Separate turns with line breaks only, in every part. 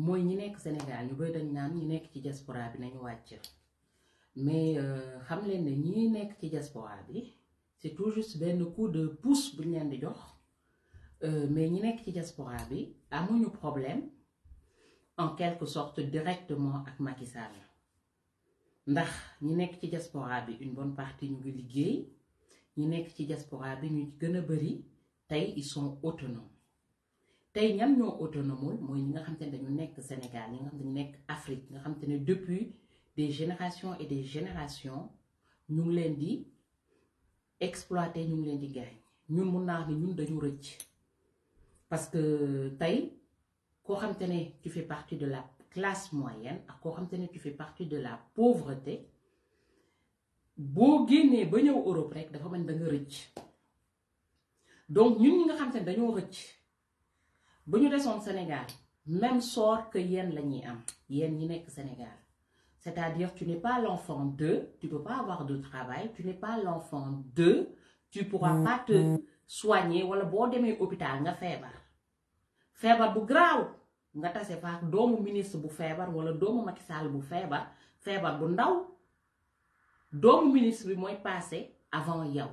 Nous ñi nekk Sénégal nous dañ diaspora mais euh, xam ñi diaspora c'est toujours un coup de pouce bu di jox euh, mais ñi nekk ci diaspora bi problème en quelque sorte directement ak Macky Sall ndax ñi nekk diaspora une bonne partie ñu ngi liggéey ñi nekk ci diaspora bi ñu ils sont autonomes tey ñan ñoo autonome, moy ñi nga xam te dañu nekk Sénégal ñi nga xam dañu nekk Afrique nga xam depuis des générations et des générations ñu ngi leen di exploiter ñu ngi leen di gaañ ñun mun naa ni ñun dañu rëcc parce que tay koo xam tu fais partie de la classe moyenne ak koo xam tu fais partie de la pauvreté boo génnee ba ñëw Europe rek dafa mel da nga rëcc donc ñun ñi nga xam te dañoo rëcc buñu ñu Sénégal même sort que yéen lañuy am yéen ñi nekk Sénégal c'est-à-dire tu n'es pas l'enfant d'eux tu peux pas avoir de travail tu n'es pas l'enfant d'eux tu pourras pas te mm-hmm. soigner wala bo démé hôpital nga fièvre fièvre bu graaw nga tase faak doomu ministre bu fièvre wala doomu Macky Sall bu fièvre fièvre bu ndaw doomu ministre bi moy passé avant yow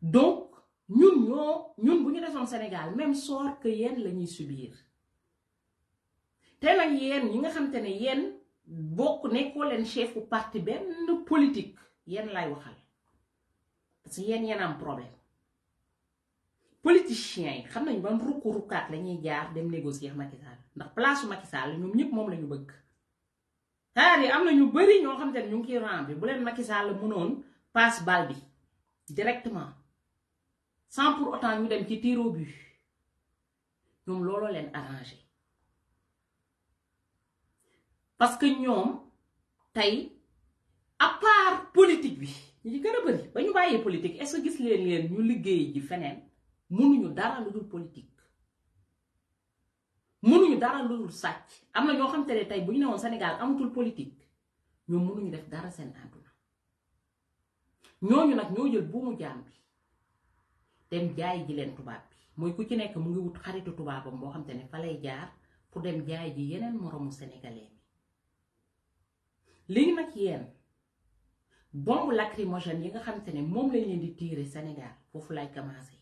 donc ñun ñoo ñun bu ñu defoon Sénégal même sort que yéen la ñuy subir te nag yéen ñi nga xam te ne yéen bokk nekkoo leen chefu parti benn politique yéen lay waxal parce que yéen am problème politiciens yi xam nañu ban rukku rukkaat la ñuy jaar dem négocier Macky Sall ndax place su Macky Sall ñoom ñëpp moom lañu bëgg. cest yi am na ñu bari ñoo xam te ne ñu ngi ciy rang bi bu leen Macky Sall mënoon passe balle bi directement. sans pour autant ñu dem au but Nous arrangé parce que nous, sommes à part politique nous bëri politique est-ce que gis leen leen ñu liggéey ji Nous nous dara pas politique. politique Nous avons lu dul sac. Nous xam avons ne bu Sénégal de politique nous mënuñu def Nous avons àdduna nous politique. Nous jël dem jaay ji leen tubaab bi mooy ku ci nekk mu ngi wut xaritu tubaabam boo xam te ne fa lay jaar pour dem jaay ji yeneen moroomu sénégalais bi léegi nag yéen bombu lacrymogène yi nga xam te ne moom lañ leen di tiire Sénégal foofu lay commencé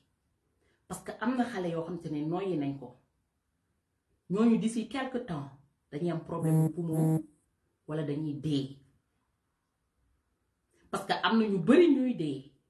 parce que am na xale yoo xam te ne noyyi nañ ko ñooñu d'ici quelque temps dañuy am problème poumon wala dañuy dee parce que am na ñu bari ñuy dee.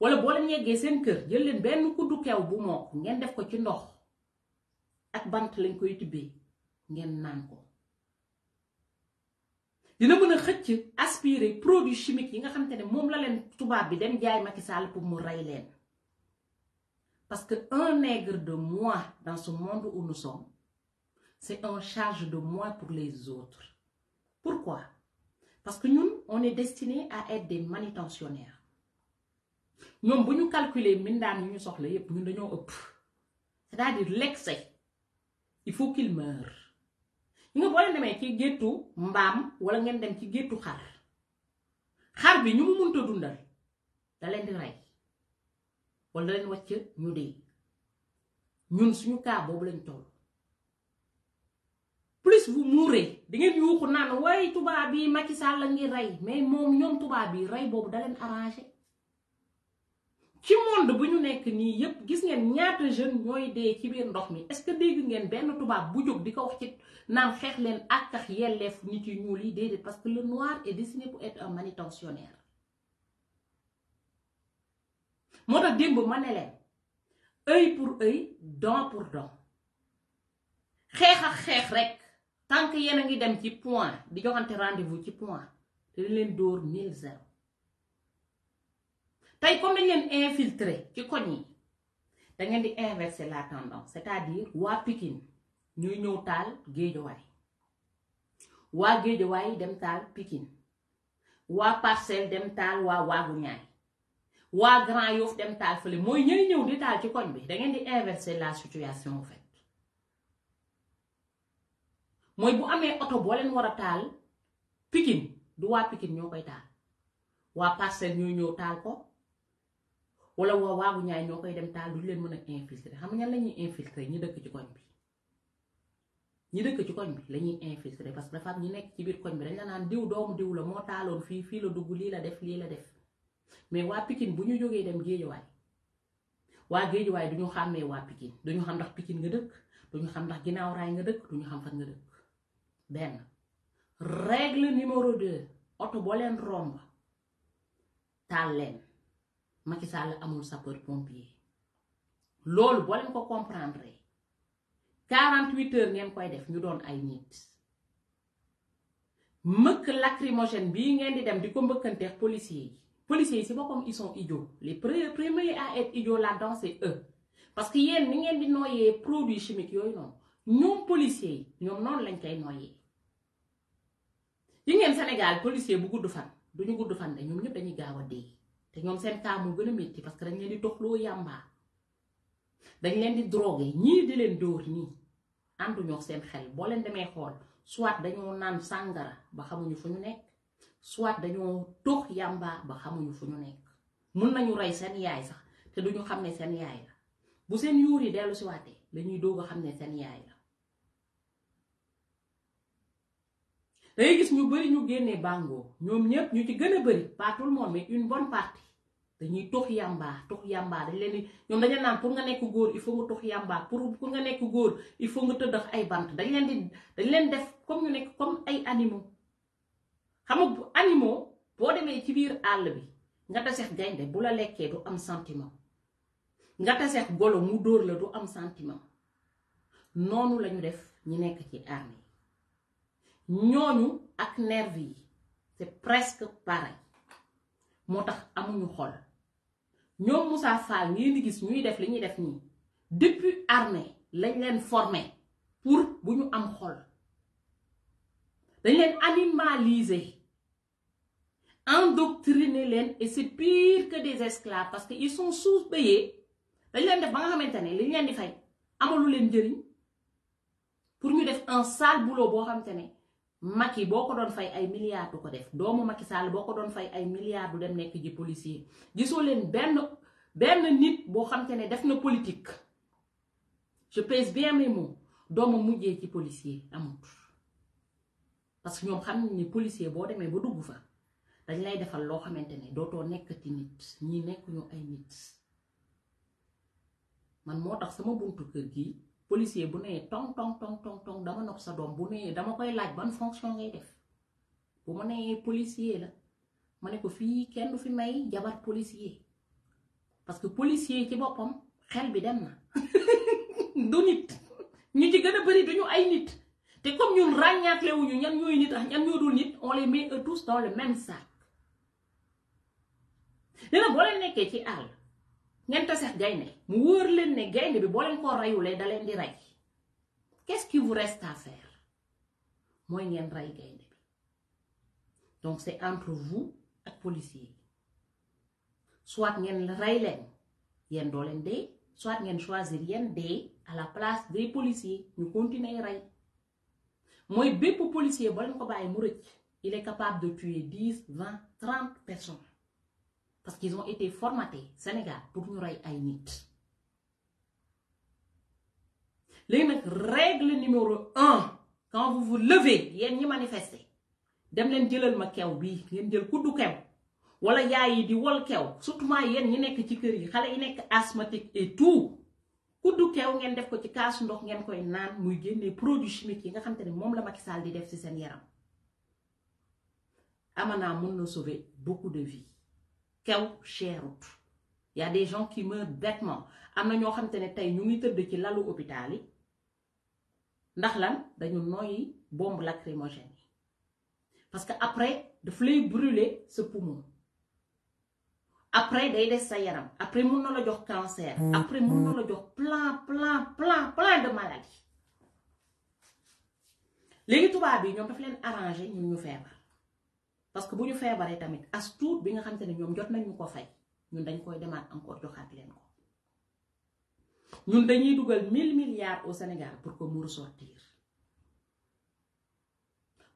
wala boo leen yeggee seen kër jël len benn kuddu keew bu mok ngén def ko ci ndox ak bant lañ koy tibé ngén nan ko dina mëna xëcc aspirer produit chimique yi nga xamante ne mom la leen tubaab bi dem jaay Macky Sall pour mu ray parce que un nègre de moi, dans ce monde où nous sommes c'est un charge de moi pour les autres pourquoi parce que nous, on est destiné à être des manutentionnaires ñoom bu ñu calculer mindaan yu ñu soxla yépp ñun dañoo ëpp c'est-à-dire l'excès il faut qu'il meure ñu nga boo leen demee ci géttu mbaam wala ngeen dem ci géttu xar xar bi ñu mu munta dundal da di rey wala da leen wàcc ñu dee ñun suñu cas boobu lañ toll plus bu mourrez di ngeen yuuxu naan way tubaab bi Macky Sall la ngi rey mais moom ñoom tubaab bi rey boobu da leen arrangé ci monde bu ñu nekk nii yépp gis ngeen ñaata jeune ñooy dee ci biir ndox mi est-ce que dégg ngeen benn tubaab bu jóg di ko wax ci naan xeex leen ak tax yelleef nit yu ñuul yi déedéet parce que le noir est destiné pour être un manutentionnaire moo tax démb ma ne leen œil pour œil dent pour dent xeex ak xeex rek tant que yéen a ngi dem ci point di joxante rendez-vous ci point te leen door mille zéro tey comme dañ leen infiltrer ci koñ di inverser la tendance c'est-à-dire waa Pikine ñuy ñëw taal géejawaay waa géejawaay dem taal pikin waa Parcelles dem taal waa waagu ñaay waa Grand Yoff dem taal fële mooy ñëy ñëw di taal ci koñ bi da ngeen di inverser la situation en fait mooy bu amee oto boo leen war a taal Pikine du waa Pikine ñoo koy taal waa Parcelles ñooy ñëw taal ko wala waa waagu ñaay ñoo koy dem taal duñ leen mën a infiltrer xam nga ñan la ñuy infiltrer ñi dëkk ci koñ bi ñi dëkk ci koñ bi la ñuy infiltrer parce que dafa ñi nekk ci biir koñ bi dañ la naan diw doomu diw la moo taaloon fii fii la dugg lii la def lii la def mais waa Pikine bu ñu jógee dem géejawaay waa géejawaay du ñu xàmmee waa Pikine duñu xam ndax Pikine nga dëkk duñu xam ndax ginnaaw raay nga dëkk duñu xam fan nga dëkk benn règle numéro boo leen romb taal leen Macky Sall amul sapeur pompier loolu bo leen ko comprendre 48 heures ngeen koy def ñu doon ay nit mëkk lacrymogène bi ngeen di dem di ko mbëkkanteex policiers yi policiers yi si boppam ils sont idiots les premiers à être idiots là-dedans c'est eux parce que yeen ni ngeen di noyé produits chimiques yoy non ñom policiers yi ñoom noonu lañ koy noyé yi ngeen Sénégal policier bu gudd fan du ñu fan de ñoom ñëpp dañuy gawa a te ñoom seen cas moo gën a parce que dañ leen di doxloo yàmbaa dañ leen di drogué ñii di leen dóor nii ànduñoo seen xel boo leen demee xool soit dañoo naan sàngara ba xamuñu fu ñu nekk soit dañoo tox yàmbaa ba xamuñu fu ñu nekk mun nañu rey seen yaay sax te du duñu xam ne seen yaay la bu seen yuur yi dellu si waatee lañuy doog a xam ne seen yaay dangay gis ñu bëri ñu génne bàngoo ñoom ñëpp ñu ci gën a bëri pas moom le une bonne partie dañuy tox yàmbaa tox yàmbaa dañ leen di ñoom dañu naan pour nga nekk góor il faut nga tox yàmbaa nga nekk góor il faut nga tëdd ay bant dañ leen di dañ leen def comme ñu nekk comme ay animaux xam nga animaux boo demee ci biir àll bi nga taseex gaynde bu la lekkee du am sentiment nga taseex golo mu dóor la du am sentiment noonu lañu def ñi nekk ci armée ñooñu ak nervi c'est presque pareil moo tax amuñu xol ñoom Moussa Fall ngeen di gis ñuy def li def nii depuis armée lañ leen formé pour bu ñu am xol dañ leen animaliser endoctriner leen et c'est pire que des esclaves parce que ils sont sous-payés dañ leen def ba nga xamante ne li ñu leen di fay amalu leen njëriñ pour ñu def un sale boulot boo xamante Macky boo ko doon fay ay milliards du ko def doomu Macky Sall boo ko doon fay ay milliards du dem nekk ji policier gisoo leen benn benn nit boo xam ne def na politique je pèse bien mes mots doomu mujjee ci policier amut parce que ñoom xam ne policier boo demee ba dugg fa dañ lay defal loo xamante ne dootoo nekkati nit ñi nekkuñu ay nit man moo tax sama buntu kër gi policier bu né tong tong tong tong tong dama nok sa dom bu né dama koy laaj ban fonction ngay def bu mo né policier la ma ne ko fi kenn du fi may jabar policier parce que policier ci bopam xel bi dem na du nit ñu ci gëna a bëri duñu ay nit té comme ñun ràññaatlewuñu ñan ñoy nit ak ñan ñoo dul nit on les met tous dans le même sac dina boo leen nekkee ci a? quest ce qui vous reste à faire donc c'est entre vous les policiers. soit vous soit vous choisir à la place des policiers Vous continuez à mooy bépp policier ba ko il est capable de tuer 10 20 30 personnes parce qu'ils ont été formatés Sénégal pour nous règle numéro un quand vous vous levez vous manifestez. manifester dem avez un ma kew wala surtout ci kër yi asthmatique et tout def ko ci koy produits chimiques nga la Macky Sall di amana sauver beaucoup de vies sew cherut y a des gens qui meurent bêtement amna na ñoo xamante ne tey ñu ngi teud ci lalu hôpital yi ndax lan dañu noy bombe lacrymogène parce que après de lay brûler ce poumon après day des sa yaram après mën na la jox cancer mm-hmm. après mën na la jox plein plein plein plein de maladies léegi tuba bi ñom daf leen arranger ñu ñu feebar parce que buñu fébaré tamit as tuut bi nga xamante ñom jot nañ ko fay ñun dañ koy démat encore joxaat leen ko ñun dañuy mille milliards au Sénégal pour que nous ressortir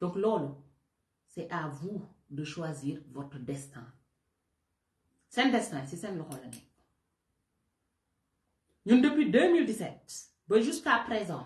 donc c'est à vous de choisir votre destin C'est un destin c'est ce loxo Nous ñun depuis 2017 jusqu'à présent.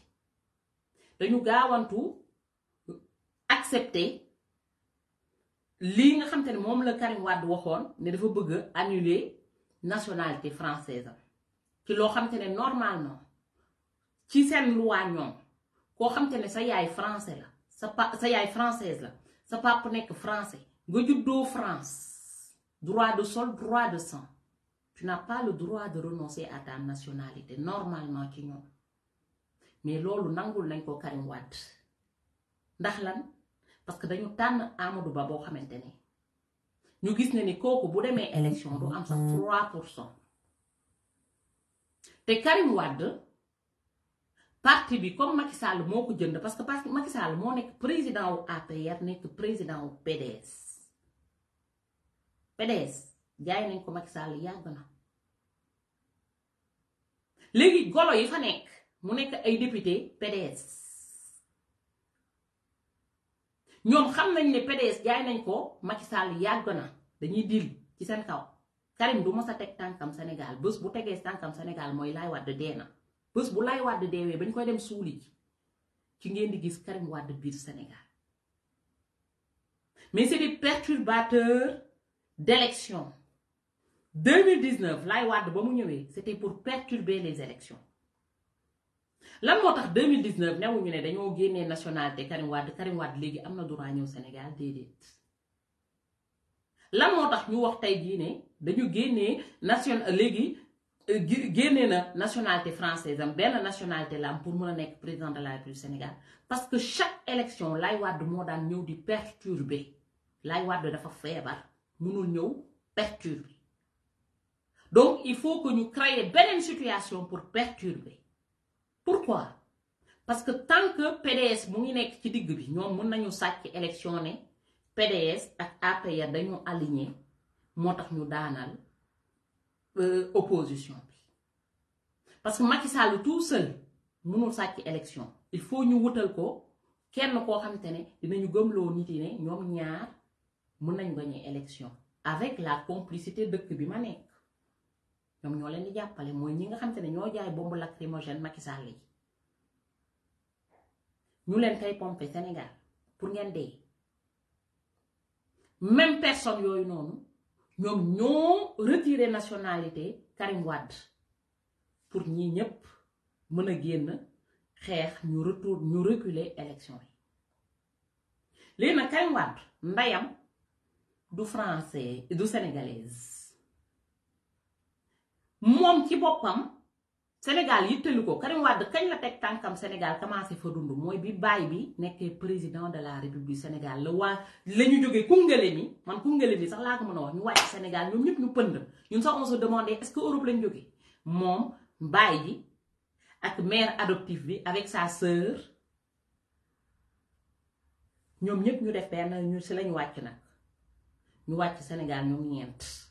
dañu gaawantu accepter lii nga xam nous ne moom la Karim Wade waxoon annuler nationalité française ci loo xam normalement ci seen loi ñoom koo xam sa yaay français la sa française la sa papa nekk français nga juddoo France droit de sol droit de sang tu n'as pas le droit de renoncer à ta nationalité normalement ci mais loolu nangul nañ ko Karim Wade ndax lan parce que dañu tànn Amadou Ba boo xamante ne ñu gis ne ni kooku bu demee élection du am sax 3 pour cent te Karim Wade parti bi comme Macky Sall moo ko jënd parce que parce que Macky Sall moo nekk président wu APR nekk président wu PDS PDS jaay nañ ko Macky Sall yàgg na léegi golo yi fa nekk. mu nek ay député PDS ñom xam nañ né PDS jaay nañ ko Macky Sall yàgg dañuy dil ci sen kaw Karim du mos tek tankam Sénégal bëss bu tegee tankam Sénégal moy lay Wàdd déna bëss bu lay Wàdd déwé bañ koy dem suuli ci ngeen di gis Karim Wàdd biir Sénégal mais c'est des perturbateurs d'élections 2019 lay Wàdd ba mu ñëwé c'était pour perturber les élections lan motax 2019 nous avons dañoo la nationalité Karim Wade Karim Wade droit Sénégal La lan nous avons ñu wax tay jii dañu euh, nationalité française am belle nationalité pour nous, président de la République Sénégal parce que chaque élection nous Wade mo daan ñëw di perturber lay Wade dafa fébar mënul nous perturber donc il faut que créions une une situation pour perturber pourquoi parce que tant que PDS mu ngi nekk ci digg bi ñoom élection PDS ak APR dañu aligné moo tax ñu daanal euh, opposition bi parce que Macky Sall tout seul mënul sàcc élection il faut ñu wutal ko kenn ko xamante ne dinañu gëmlo nit yi ne ñom ñaar mënañ nañu élection avec la complicité dëkk bi ma nous ñoo leen di ñi nga xam ñoo jaay lacrymogène Macky Sall yi ñu leen tay Sénégal pour même personne yooyu noonu ñoom ñoo retiré nationalité Karim Wade pour ñi ñëpp mën a génn xeex ñu retour reculer élection yi Karim du français du sénégalais mom ci bopam Sénégal yittelu ko Karim wad kagn la tek tankam Sénégal commencé fa dund moy bi baay bi nekkee président de la république du Sénégal le wa lañu joggé jógee Koungheul mi man Koungheul ni sax la ko mëna wax ñu wacc Sénégal ñom ñëpp ñu pënd ñun sax on se demander est-ce que Europe lañu joggé mom baay ji ak mère adoptive bi avec sa sœur ñom ñëpp ñu def ben ñu ci lañu wacc nak ñu wacc Sénégal ñom ñent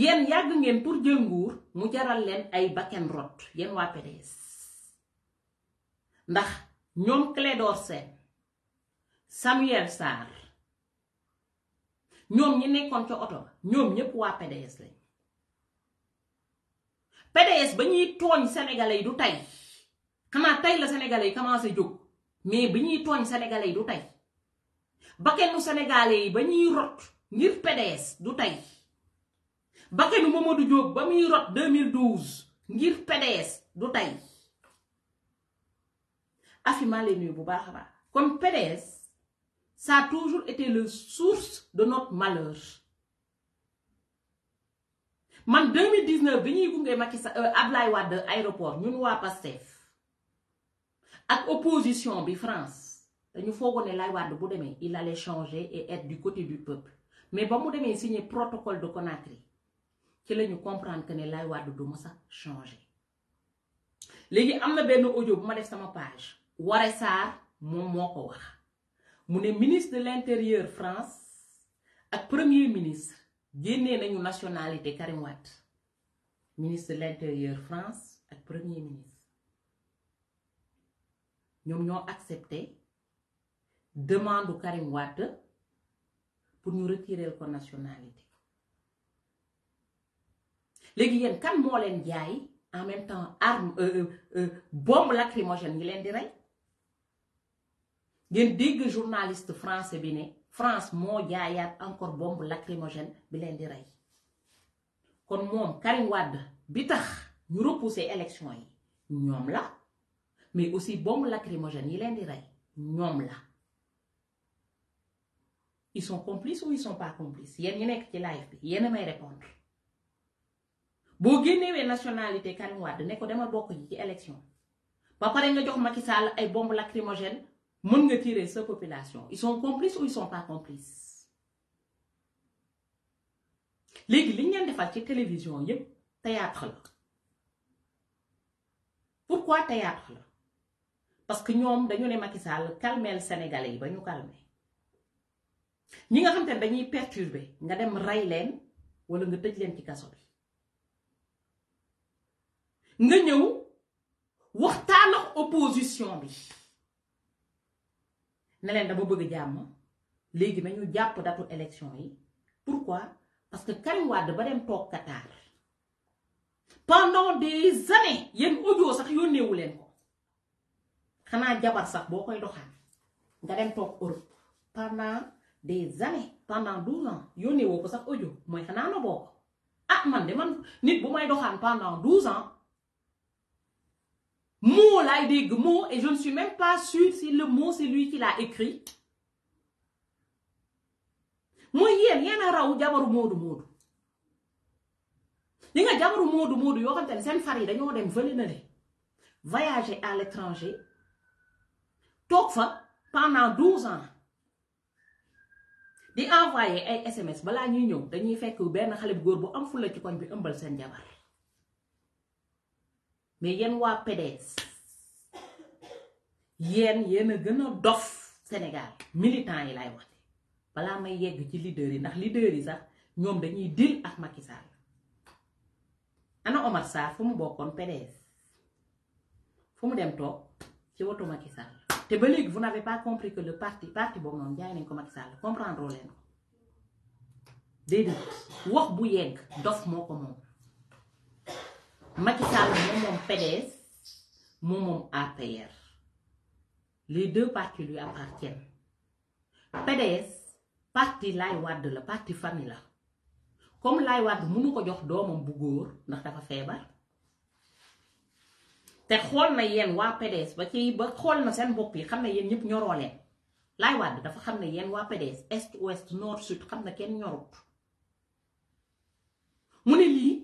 yéen yàgg ngeen pour jël nguur mu jaral leen ay bakken rot yéen waa PDS ndax ñoom Clédor Sène Samuel Sarr ñoom ñi nekkoon ca oto ñoom ñépp waa PDS lañ PDS ba ñuy tooñ sénégalais yi du tey xanaa tey la sénégalais yi commencé jóg mais bi ñuy tooñ sénégalais yi du tey bakkenu sénégalais yi ba ñuy rot ngir PDS du tey bakkanu Mamadou Diop 2012 ngir PDS du tay comme PDS ça a toujours été le source de notre malheur man 2019 biñuy Macky Sall Nous euh, Wade aéroport ñun opposition bi France dañu Wade il allait changer et être du côté du peuple mais ba signer protocole de Conakry ci la ñu comprendre que ne lay Wade du mës a changé léegi am audio bu ma def sama page Waré Sarr moom moko wax mu ministre de l'intérieur France ak premier ministre génné nañu nationalité Karim ministre de l'intérieur France ak premier ministre ñom ñoo accepté demande Karim Watt pour nous retirer la nationalité les yéen kan mo en même temps arme euh, euh, euh, bombe lacrymogène di dégg journaliste français France mo encore bombe lacrymogène bi len di ray kon Karim Wade bi tax la mais aussi bombe lacrymogène yi len di ils sont complices ou ils sont pas complices ci live bi répondre Bo genyewe nasyonalite karimwa, dene ko deme boko yi ki eleksyon. Mwapade nye jok makisal, e bombe lakrimojen, moun nye tire se popilasyon. Y son komplis ou y son pa komplis. Lek, li nyan defa tiye televizyon yon, teyatre lak. Poukwa teyatre lak? Paske nyonm da nyone makisal, kalmel senegalè yi, bay nou kalmel. Nye nga kante banyi perturbe, nga deme ray len, wèl nge tej len ti kasopi. nga ñëw waxtaan ak opposition bi ne leen dama bëgg jàmm léegi nañu jàpp datu élection yi pourquoi parce que Karim Wade ba dem toog Qatar pendant des années yéen audio sax yónneewu leen ko xanaa jabar sax boo koy doxaan nga dem toog Europe pendant des années pendant douze ans yónneewoo ko sax audio mooy xanaa na boo ko ah man de man nit bu may doxaan pendant douze ans mot là, il dit mot, et je ne suis même pas sûr si le mot, c'est lui qui l'a écrit. Moi, yéen yéen a raw jabaru moodu moodu ñi nga jabaru moodu moodu yoo xam te ne seen dem fële na voyager à l'étranger toog fa pendant douze ans di envoyer SMS bala ñuy ñëw dañuy fekk ben xale bu bu am fulla ci koñ bi ëmbal seen jabar mais yéen waa PDS Yen yéen dof Sénégal Militant yi lay wax Bala may yegg ci leader yi ndax leader yi sax ñom dañuy dil ak Macky Sall ana Omar sa fu mu bokkoon PDS fu mu dem tok ci wotu Macky Sall ba vous n'avez pas compris que le parti parti boobu noonu jaay nañ ko Macky Sall comprendre leen ko déedéet wax bu yegg dof moko ko Macky Sall mon moom PDS mon mon APR les deux partis lui appartiennent PDS parti Laay de la parti famille comme Laay Wàdd mënu ko jox domam bu gor ndax dafa feebar té xool na yéen wa PDS ba ci ba xool na sen bop yi xamna ne ñep ñëpp ñoroo leen Laay dafa xamna ne wa PDS est ouest nord sud xamna na kenn ñorut mu li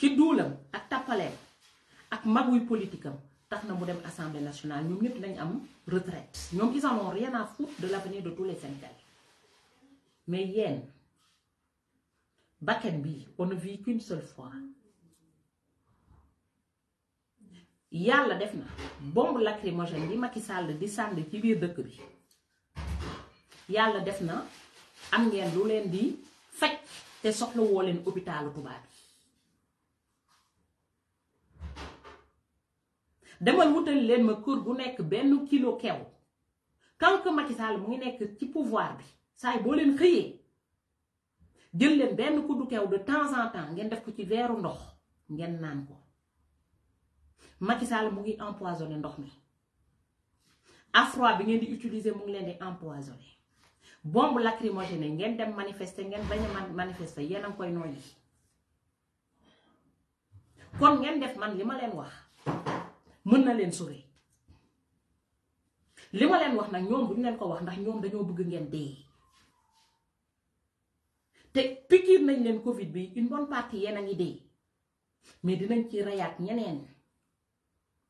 ci doulam ak tappaleem ak maguy politique taxna mu dem assemblée nationale ñom ñëpp lañ am retraite ñom ils en ont rien à foutre de l'avenir de tous les Sénégalais mais yéen bakkan bi on ne vit qu'une seule fois yalla def na bombe lacrymogène bi Macky Sall di sànni ci biir dëkk bi yalla def na am ngeen lu leen di fajj te soxla woo leen hôpital tubaab bi demal wutal leen ma cour gu nekk benn kilo kew tant que Macky Sall mu ngi nekk ci pouvoir bi saay boo leen xëyee jël leen benn kuddu kew de temps en temps ngeen def ko ci weeru ndox ngeen naan ko Macky Sall mu ngi empoisonné ndox mi afroi bi ngeen di utiliser mu ngi leen di empoisonné bombe lacrymogène ngeen dem manifester ngeen bañ a manifester yéen a ngi koy noyyi kon ngeen def man li ma leen wax mën na leen sauver li ma wax ko wax ndax bëgg ngeen nañ Covid une bonne partie ngi mais dinañ ci ñeneen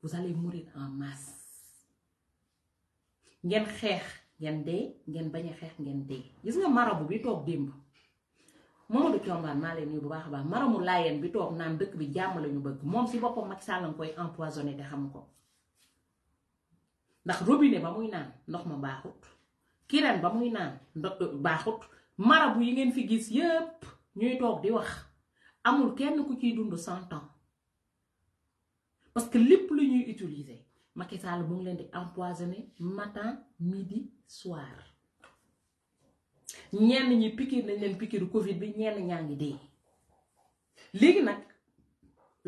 vous allez mourir en masse ngeen ngeen ngeen gis nga bi Mamadou Thiongane maa leen nuyu bu baax a baax maramu laayeen bi toog naan dëkk bi jàmm la bëgg moom si boppam Macky Sall nga koy empoisonné te xam ko ndax robinet ba muy naan ndox ma baaxut kireen ba muy naan euh, baaxut marabu yi ngeen fi gis yépp ñuy toog di wax amul kenn ku ciy dund 100 ans parce que lepp lu ñuy utiliser makissal bu ngi leen di empoisonné matin midi soir ñenn ñi pikiir nañ leen pikiiru Covid bi ñenn ñaa ngi dee léegi nag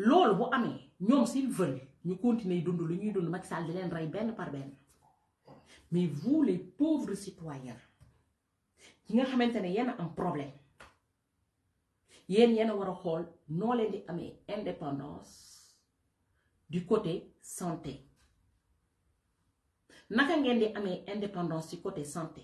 loolu bu amee ñoom s'ils veulent ñu continuer dund lu ñuy dund Macky Sall di leen rey benn par benn mais vous les pauvres citoyens yi nga xamante ne yéen a am problème yéen yéen a war a xool noo leen di amee indépendance du côté santé naka ngeen di amee indépendance ci côté santé.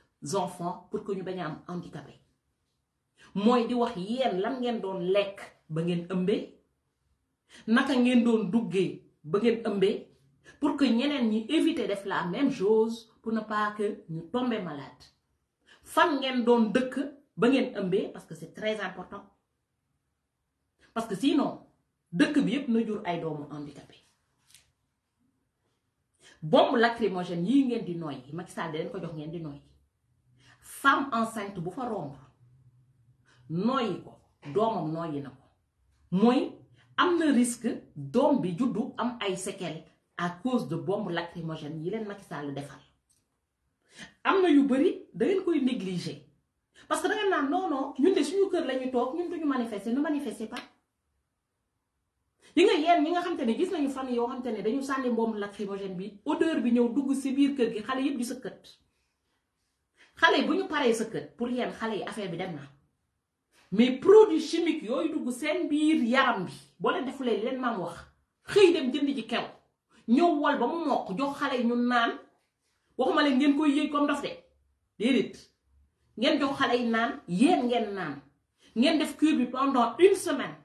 enfants pour que ñu bañ am handicapé Moi, di wax yéen lam ngeen doon lek ba ngeen ëmbee naka ngeen doon duggé ba ngeen ëmbee pour que ñeneen ñi éviter def la même chose pour ne pas que ñu tomber malade fan ngeen doon dëkk ba ngeen ëmbee parce que c'est très important parce que sinon dëkk bi yépp na jur ay doomu handicapé bombe lacrymogène yi ngeen di noy Macky Sall da ko jox ngeen di noy femme enceinte bu fa romb nooyi ko doomam nooyi ko mooy am risque dom bi juddu am ay séquelles à cause de bombe lacrymogènes yi len Macky Sall defal amna yu bëri da ngeen koy négliger parce que da ngeen naan non non ñun de suñu kër la ñu ñun duñu manifester ne manifester pas yi nga yéen ñi nga xam te gis nañu fan yo xam dañu sànni bombe lacrymogènes bi odeur bi ñëw dugg ci biir kër gi xalé yeb gi sa kët xale buñu paré sa kër pour yéen xale affaire bi dem na mais produit chimique yoy dugg sen bir yaram bi bo leen defulé len maam wax xëy dem jënd ji kew ñëw wol ba mu mok jox xale ñu naan waxuma le ngeen koy yëy comme daf de dedit ngeen jox xale naan yéen ngeen naan ngeen def cure bi pendant une semaine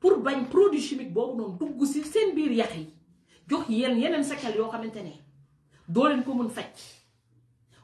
pour bañ produit chimique bobu non dugg ci sen bir yaxi jox yéen yenen sakal yo xamantene do len ko mën fajj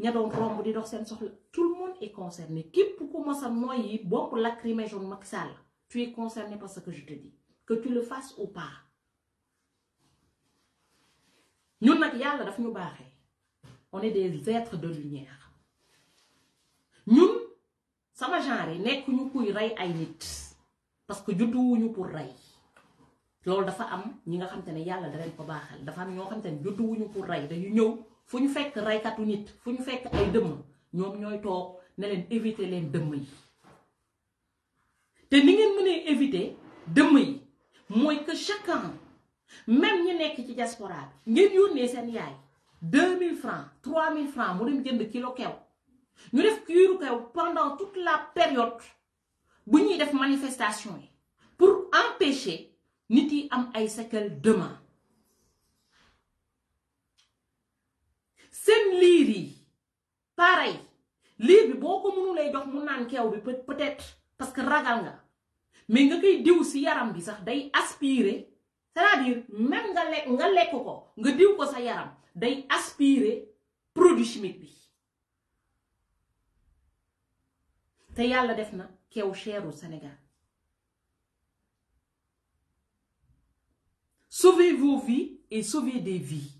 ña doon romb di dox seen soxla tout le monde est concerné képp ku mos a noyyi bombe lacrymogène Macky Sall tu es concerné par ce que je te dis que tu le fasses ou pas ñun nag yàlla daf ñu baaxee on est des êtres de lumière ñun sama genre yi nekk ñu kuy rey ay nit parce que judduwuñu pour rey loolu dafa am ñi nga xam te ne yàlla da leen ko baaxal dafa am ñoo xam te ne judduwuñu pour rey dañu ñëw fu fekk raykatu nit fu fekk ay dëmm ñoom ñooy toog ne leen éviter leen dëmm yi te ni ngeen mënee éviter dëmm yi mooy que chacun même ñu nekk ci diaspora bi ngeen yónnee seen yaay 2000 francs 3000 francs mu dem jënd kilo kew ñu def kiiru kew pendant toute la période bu ñuy def manifestation yi pour empêcher nit yi am ay séquelles demain seen liri pareil libre boko boo lay mënulee jox mu naan bi peut-être parce que ragal nga mais nga koy diw si yaram bi sax day aspirer c'est-à-dire même nga lek nga lek ko nga diw ko sa yaram day aspirer produit chimique bi te yalla def na cher au Sénégal sauvez vos vies et sauvez des vies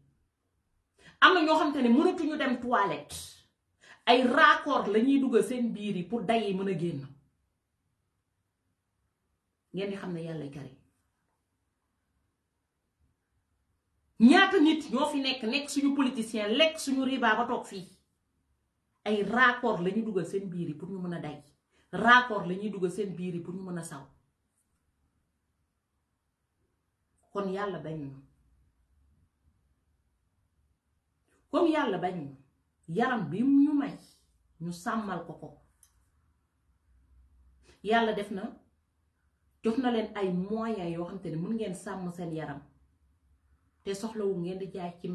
am na ñoo xamante ne ñu dem toilette ay raccord la ñuy dugal seen biir yi pour day yi mën a génn ngeen di xam na yàlla kari ñaata nit ñoo fi nekk nekk suñu politicien lekk suñu riba ba toog fii ay raccord lañuy ñuy dugal seen biir yi pour ñu mën a day raccord la ñuy dugal seen biir yi pour ñu mën a saw kon yàlla bañ comme yalla bañ yaram bi ñu may ñu samal ko ko yalla def jox na len ay moyens yo en ngeen sam yaram ngeen di jaay ci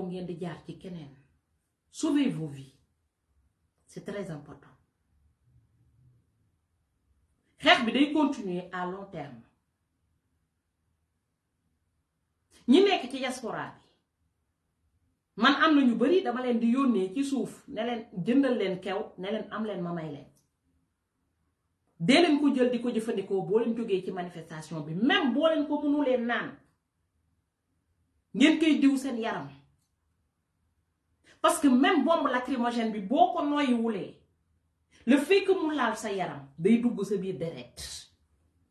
ngeen di jaar ci sauvez vos vies c'est très important bi day continuer à long terme ñi ci diaspora man am na ñu dama leen di yónnee ci suuf ne leen jëndal leen kew ne am leen ma may leen dee ko jël di ko jëfandikoo boo leen ci manifestation bi même boo leen ko mënulee naan ngeen koy diw seen yaram parce que même bombe lacrymogène bi boo ko le fait que mu laal sa yaram day dugg sa biir deret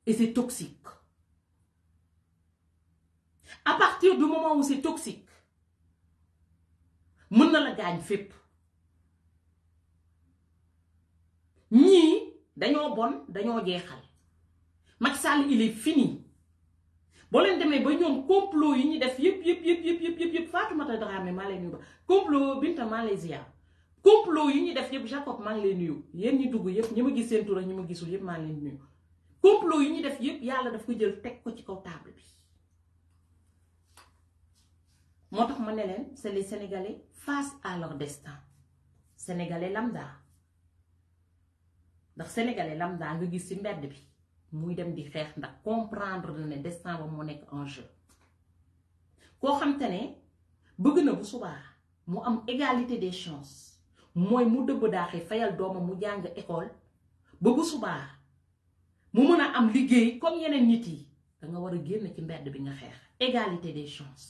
et c'est toxique à partir du moment où c'est toxique mën na la gaañ fépp ñii dañoo bon dañoo jeexal Macky Sall il fi fini
boo leen demee ba
ñoom complot yi ñu def yëpp yëpp yëpp yëpp yëpp yëpp yëpp Fatoumata Dramé maa lay nuyu ba complot Binta maa lay ziar complot yi ñu def yëpp Jacob maa ngi leen nuyu yéen ñi dugg yëpp ñi ma gis seen tur ak ñi ma gisul yëpp maa ngi lay complot yi ñu def yëpp yàlla daf ko jël teg ko ci kaw table bi motax c'est les sénégalais face à leur destin sénégalais lambda ndax sénégalais lambda nga gis ci mbedd bi muy dem di ndax comprendre destin ba en jeu xam tane na bu am égalité des chances mu fayal doomam mu jang école ba bu mu am comme yeneen nit yi da nga war a ci mbedd bi égalité des chances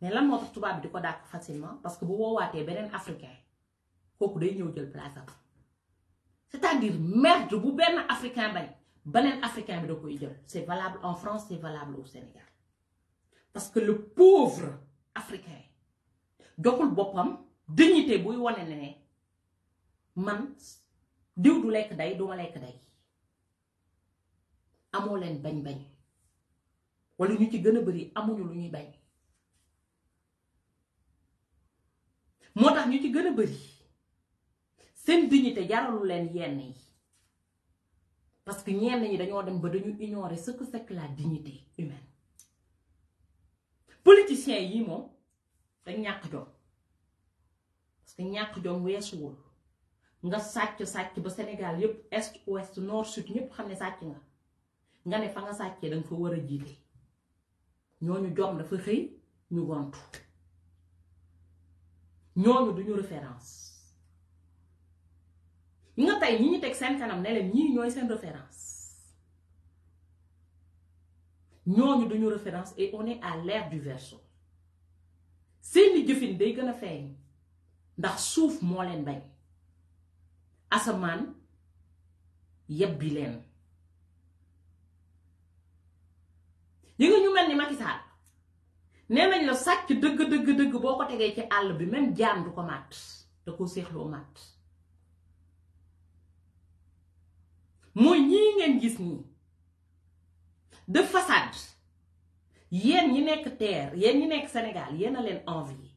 mais lan moo tax bi diko dak facilement parce que bu woowaatee benen africain kooku day ñëw jël place am c'est-à-dire merde bu benn africain bañ benen africain bi da koy jël c'est valable en France c'est valable au Sénégal parce que le pauvre africain joxul bopam dignité buy wane ne man diw du lek day duma lek day amo len bañ-bañ wala ñu ci gëna a amuñu luñuy bañ. moo tax ñu ci gën a bëri seen dignité jaralu leen yenn yi parce que ñenn ñi dañoo dem ba dañu ignorer ce que c'est que la dignité humaine yi moom dañ ñàkk jom parce que ñàkk jom weesuwul nga sàcc sàcc ba Sénégal yépp est ouest nord sud ñëpp xam ne sàcc nga nga ne fa nga sàccee danga fa war a jiite ñooñu jom dafa xëy ñu gontu ñoñu duñu référence ñi nga tey ñi ñu teg seen kanam ne leen ñii ñooy seen référence ñoñu duñu référence et on est à l'ère du verseau seeni jëfin day gën a feeñ ndax suuf moo leen bañ asamaan yebbi leen ñi nga ñu mel ni Macky Sall nee nañ la sàcc dëgg dëgg dëgg boo ko ci àll bi même jaan du mat màtt da koo mat màtt mooy ngeen gis ni de façade yéen ñi nek terre yéen ñi nek Sénégal yéen a len envie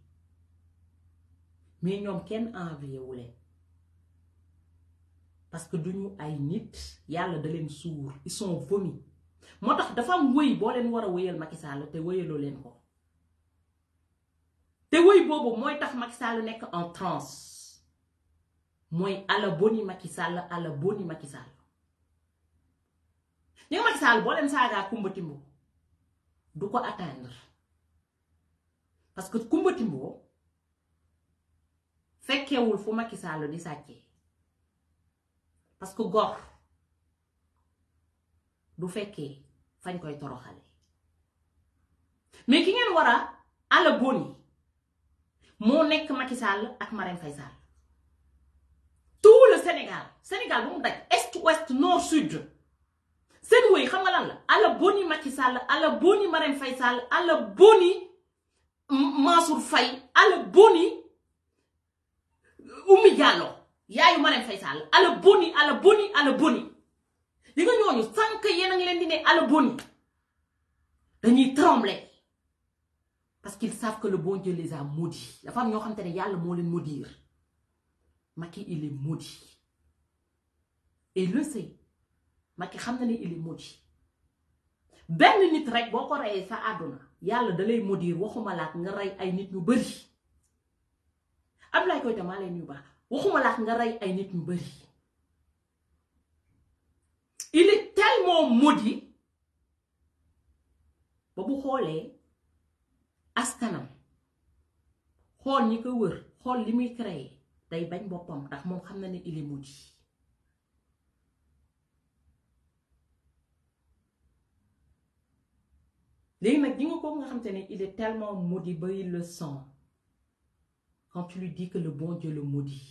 mais ñom ken envie wu parce que duñu ay nit yalla da len sour ils sont vomis motax dafa am wëy boo leen war a wëyal Macky Sall len ko te woy boobu mooy tax Macky nekk en trance mooy ala boni Macky Sall ala boni Macky Sall ñu nga Macky Sall saagaa Kumba Timbo du ko atteindre parce que Kumba Timbo fekkewul fu Macky Sall di sàccee parce que gor du fekkee fañ koy toroxale mais ki ngeen war a ala boni Mon nekk Macky Sall ak tout le Sénégal Sénégal est ouest nord sud C'est wéy xam nga la bonne boni Macky Sall la boni Mansour Faye à ala boni Mansour Faye ala boni Oumy Diallo yaayu Marème Faye à ala boni ala boni ala boni yi tant que sànq yéen di ala boni tremble parce qu'ils savent que le bon Dieu les a maudits La femme ñoo xamante ne yàlla moo leen maudire Macky il est maudit et le sait Macky xam na ne il est maudit Ben nit rek boo ko reyee sa àdduna yàlla da lay maudire waxuma laak nga rey ay nit ñu bëri Abdoulaye Koyta maa lay nuyu baax waxuma laak nga rey ay nit ñu bëri il est tellement maudit ba bu xoolee askanam xool ni ko wër xool li muy créé day bañ boppam ndax mom xamna ni il est maudit léegi nag ñi nga kooku nga xam te ne il est tellement maudit ba il le sent quand tu lui dis que le bon Dieu le maudit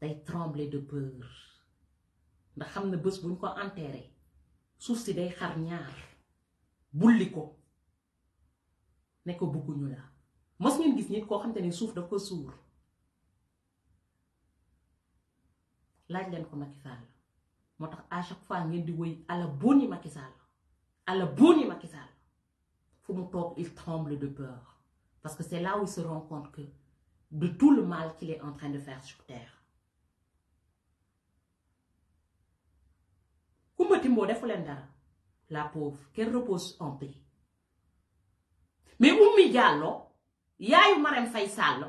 day trembler de peur ndax xam na bés buñ ko enterré suuf si day xar ñaar bulli ko ne ko bëgguñu la mos ngeen gis nit koo xam te ne suuf daf ko suur laaj leen ko Macky moo à chaque fois ngeen di woy ala boni Macky ala boni Macky Sall fu mu toog il tremble de peur parce que c'est là où il se rend compte que de tout le mal qu'il est en train de faire sur terre Koumba Timbo defu leen dara la pauvre qu'elle repose en paix mais Oumy Diallo yaayu Marème Faye Sall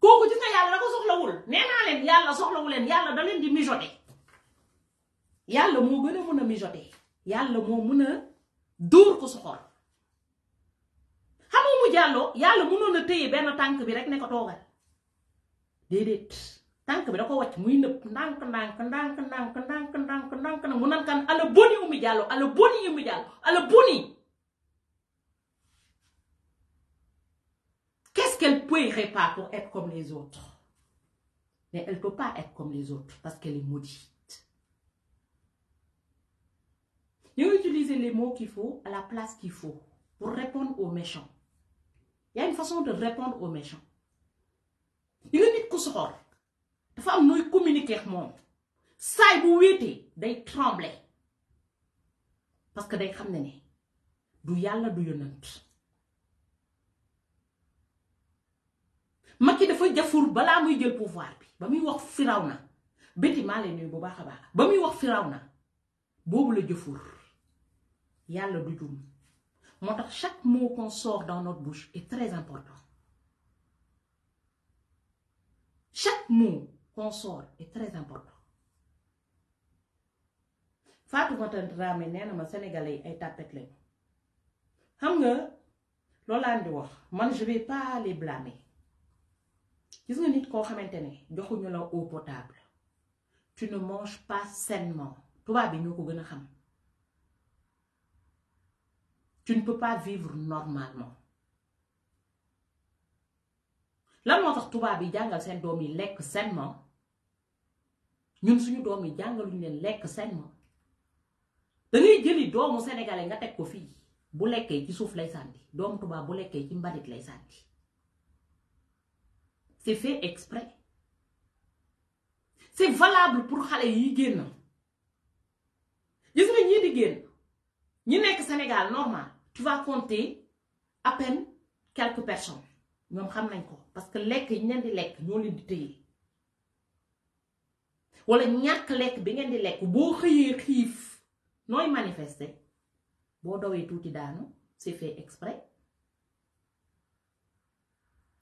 kooku gis nga yàlla da ko soxlawul nee naa leen yàlla soxlawu leen yàlla da leen di mijoter yàlla moo gën a mën a mijoter yàlla moo mën a dóor ko soxor xam nga Oumy Diallo yàlla mënoon a téye benn tànk bi rek ne ko toogal déedéet tànk bi da ko wàcc muy nëpp ndànk ndànk ndànk ndànk ndànk ndànk ndànk mu nan kan ala boni Oumy Diallo ala boni Oumy Diallo ala boni qu'elle ne peut pas pour être comme les autres Mais elle ne peut pas être comme les autres parce qu'elle est maudite. Il faut utiliser les mots qu'il faut à la place qu'il faut pour répondre aux méchants. Il y a une façon de répondre aux méchants. Il y a une façon de communiquer avec monde. Ça, vous voyez, trembler Parce que il sait pas du yalla du Macky dafa jafur bala muy jël pouvoir bi bamuy wax firaw na béti maa leen nuyu bu baax ba bamuy wax firaw na la jëfur yalla du jum motax chaque mot qu'on sort dans notre bouche est très important chaque mot qu'on sort est très important Fatou Dramé ramé néna ma sénégalais ay tàppet lañu xam nga loolu laa di wax man je vais pas les blâmer gis nga nit sainement. xamantene joxuñu la eau potable tu ne manges pas sainement tu ne peux pas vivre normalement tax sainement ñun suñu sainement da jëli doomu sénégalais nga tek ko fi bu ci suuf lay sandi doomu tuba bu ci mbalit lay c'est fait exprès c'est valable pour les yi génn gis nga di ñi Sénégal normal tu vas compter à peine quelques personnes ñoom xam nañ parce que les yi sont les gens. ñoo leen di téye wala ñàkk les bi di ils sont manifester c'est fait exprès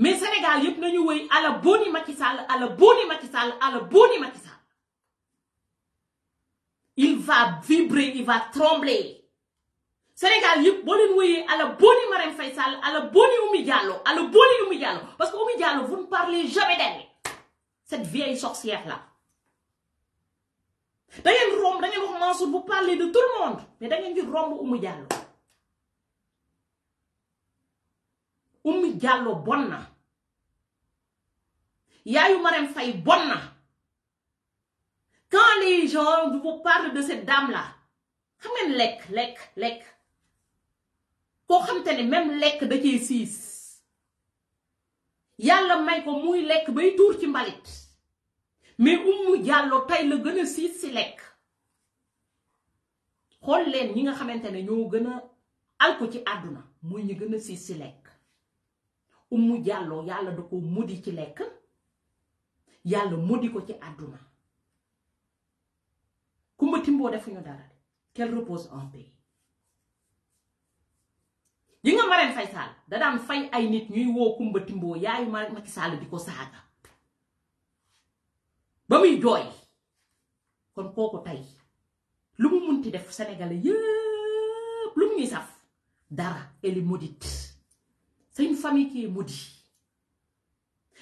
mais Sénégal yëpp nañu wëy ala boni Macky Sall ala boni Macky Sall ala boni Macky Sall il va vibrer il va trembler Sénégal yëpp bo leen wëyee ala boni Marème Faysal ala boni Oumy Diallo ala boni Oumy Diallo parce que Oumy Diallo vous ne parlez jamais d'elle cette vieille sorcière là da ngeen romb da ngeen wax Mansour vous parlez de tout le monde mais da ngeen di romb Oumy Diallo Oumy Diallo bon yaayu Marème fay bon na quand les gens vous parlent de cette dame là xam lekk lekk lekk koo xam te ne lekk da cee siis yàlla may ko muy lekk bay tuur ci mbalit mais Oumou Diallo tey la gën a siis si lekk xool leen ñi nga xamante ne ñoo gën a alko ci àdduna muy ñi gën a siis si lekk Oumou Diallo yàlla da ko mudi ci lekk yàlla di ko ci àdduna kumba timboo defuñu dara qu'elle repose en paix yi nga Marème Faye Sall da daan fay ay nit ñuy woo kumba timboo yaayu Macky Sall di ko saaga ba muy jooy kon kooku tey lu mu munti def sénégalais yëpp lu mu ñuy saf dara elle est maudite c'est famille qui est maudite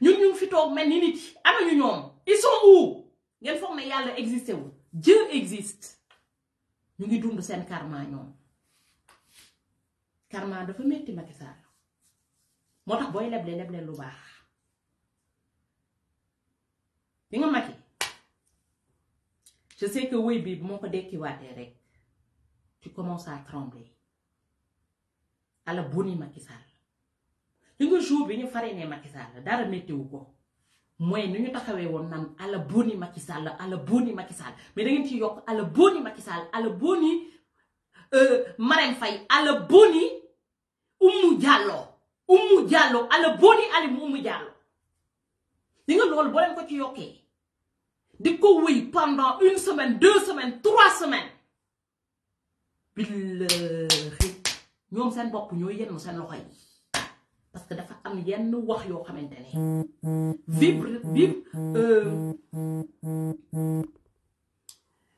ñun ñu fi tok mel ni nit yi ñu ils sont où ngeen foog ne yàlla existé wu Dieu existe ñu ngi dund sen karma ñom karma dafa metti Macky Sall moo tax booy leble lu baax li nga Macky je sais que oui bii moko moo ko rek tu commences à trembler ala boni Macky Sall jour ne Macky Sall dara ko moy ala boni Macky ala boni Macky mais da ngeen ci yok boni Macky ala boni euh, marène fay boni Oumou Diallo Oumou Diallo ala boni Alim Oumou Diallo di nga lol bo len ko ci yoké di ko pendant une semaine deux semaines trois semaines ñoom sen bop ñoy yenn sen parce que dafa am yenn wax yo xamantene ne vibre vibre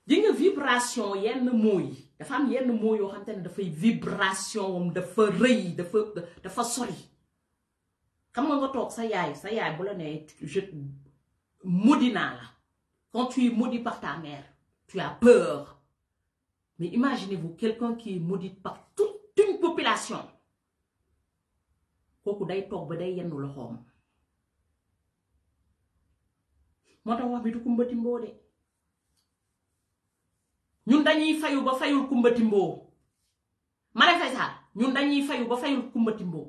yi nga vibration yenn moy yi dafa am yenn moy yo xamantene da fay vibration reuy da fa da fa sori xam nga nga toog sa yaay sa yaay bu la nee je maudis la quand tu es maudit par ta mère tu as peur mais imaginez-vous quelqu'un qui est maudit par toute une population kooku day toog ba day yenn loxoom moo tax wax bi du kumbati mboo de ñun dañuy fayu ba fayul kumbati mboo ñun dañuy fayu ba fayul kumbati mboo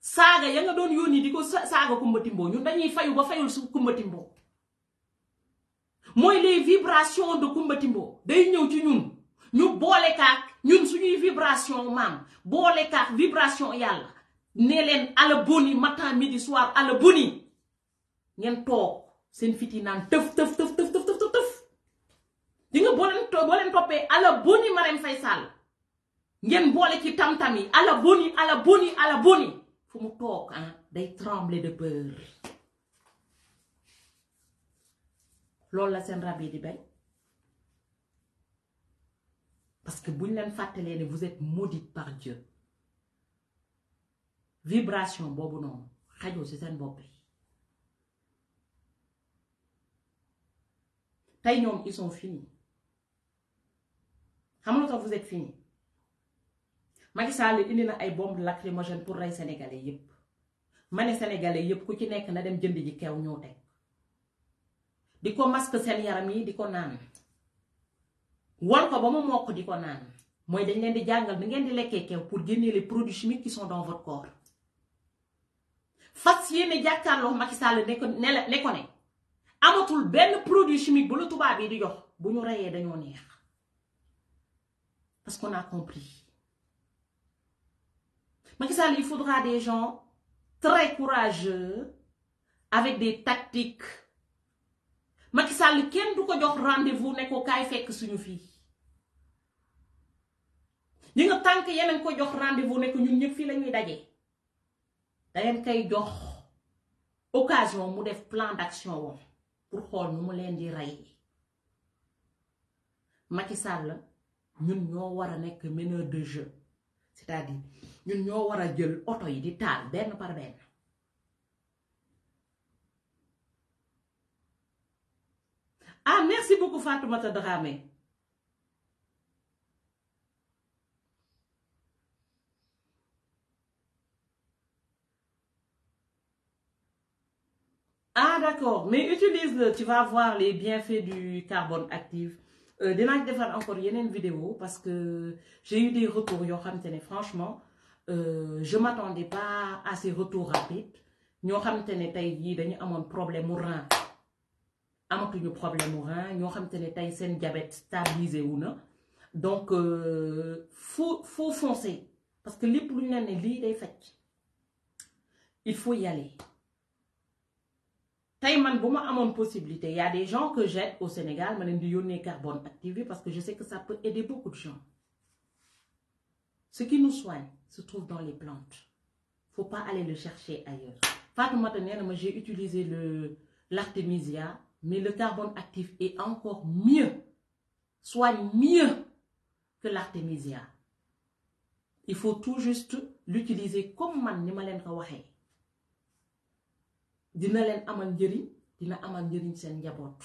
saaga ya nga doon yoon yi di ko saaga kumbati ñun dañuy fayu ba fayul su kumbati mooy les vibrations de kumbati day ñëw ci ñun ñu boole kaak ñun suñuy vibration maam boole kaak vibration yàlla Nélène, à ala bonne, matin midi soir ala boni ngeen toog seen fit teuf teuf teuf teuf teuf di nga ci tam ala boni ala boni ah, day trembler de peur la bay parce que buñ len vous êtes maudit par Dieu vibration bobu non xajul ci sen bopp yi ñoom ils sont finis xam nga vous êtes finis Macky Sall indi na ay bombes lacrymogènes pour ray sénégalais yépp mané sénégalais yépp ku ci nekk na dem jënd ji kew ñoo tek diko masque sen yaram yi diko nan. naan war ko ba mu mokk di ko naan mooy dañ leen di jàngal ni ngeen di lekkee kew pour génne les produits chimiques qui sont dans votre corps fas yéene jàkkaarloo Macky Sall ne les ne la ne amatul benn produit chimique bu la tubaab yi di jox bu ñu reyee neex parce qu'on a compris Macky il faudra des gens très courageux avec des tactiques Macky Sall kenn du ko jox rendez-vous ne ko kaay fekk suñu fii ñi nga tànk yeneen ko jox rendez-vous ne ko ñun ñëpp fii la ñuy Da yon kèy do, okazyon mou def plan d'aksyon wè, pou kòl nou mou lèndi rayi. Matisal, moun nou wara nek menèr de jè, c'est-à-di, moun nou wara djèl otoye di tal, bèl nou par bèl. A, ah, mersi boukou Fatoumata Dramey. ah d'accord mais utilise-le tu vas voir les bienfaits du carbone actif te euh, defar encore une vidéo parce que j'ai eu des retours yoo xamante ne franchement euh, je m'attendais pas à ces retours rapides Nous avons ne tey jii dañu amoon problème mu rein amatuñu problème au rein Nous avons ne tey seen diabète stabilisé wu donc euh, faut faut foncer parce que les lu ñu ne lii day il faut y aller. Il man y a des gens que j'aide au Sénégal mais di carbone activé parce que je sais que ça peut aider beaucoup de gens ce qui nous soigne se trouve dans les plantes faut pas aller le chercher ailleurs Pas moi j'ai utilisé le l'artémisia mais le carbone actif est encore mieux soigne mieux que l'artémisia il faut tout juste l'utiliser comme man ni dina len amal njëriñ dina amal njëriñ seen njaboot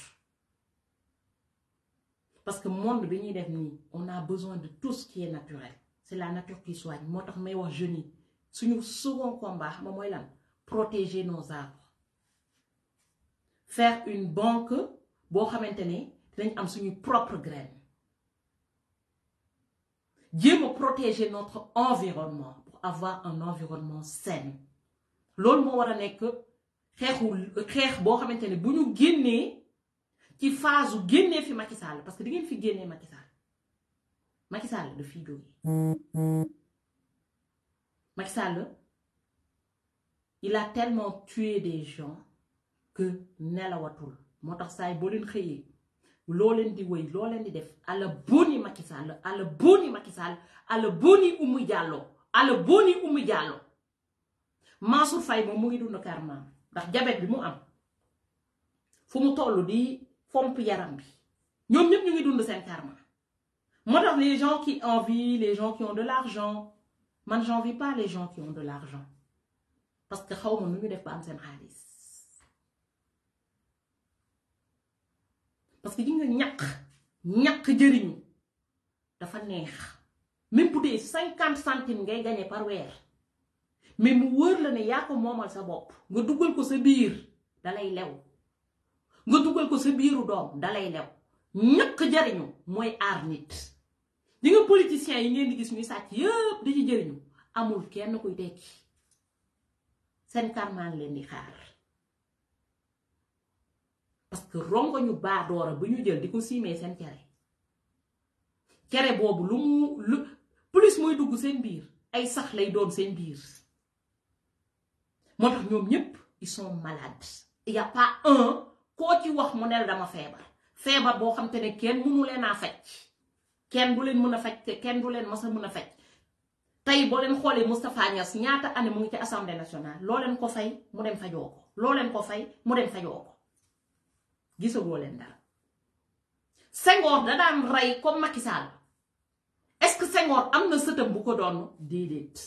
parce que monde bi ñuy def nii on a besoin de tout ce qui est naturel c'est la nature qui soigne moo tax may wax jeunes yi suñu second combat ma lan protéger nos arbres faire une banque boo xamante ne dinañ am suñu propre graine jéem a protéger notre environnement pour avoir un environnement sain loolu moo war a nekk xeexul a bo xamantene ne qui ci phase fi Macky parce que di ngeen fi génnee Macky Sall il a tellement tué des gens que nelawatul motax say saay boo leen di woy à len di def ala boni Macky Sall ala boni Macky Sall ala boni Oumou Diallo ala boni Oumou Diallo Mansour Faye mo ndax jabet bi mu am fu mu toll di fomp yaram bi ñoom ñëpp ñu ngi dund seen karma moo tax les gens qui envient les gens qui ont de l'argent man j'envie pas les gens qui ont de l'argent parce que xaw ma nu ñu def ba am seen xaalis parce que ji nga ñàkk ñàkk jëriñu dafa neex même bu dee cinquante centimes ngay gagné par weer mais mu wër la ne ya ko momal sa bop nga duggal ko sa biir dalay lew nga duggal ko sa biiru doom dalay lew ñëkk jariñu moy aar nit nga politiciens yi ngeen di gis muy sacc yépp di ci jëriñu amul kenn kuy tekki karma ngi leen di xaar parce que rongo ñu doora bu ñu jël di ko sen kéré kere kere lu mu plus moy dugg sen biir ay sax lay doon sen biir moo tax ñoom ñëpp ils sont malades il y pas un koo ci wax mu nel dama feebar feebar boo xam te ne kenn mu leen a faj kenn du leen mën a faj kenn du leen mës a a faj tey boo leen xoolee Moustapha Niass ñaata année mu ngi ci assemblée nationale looleen ko fay mu dem fajoo ko loo leen ko fay mu dem fajoo ko gisagoo leen dara Senghor da daan rey comme Macky Sall est-ce que Senghor am na sëtam bu ko doon déedéet.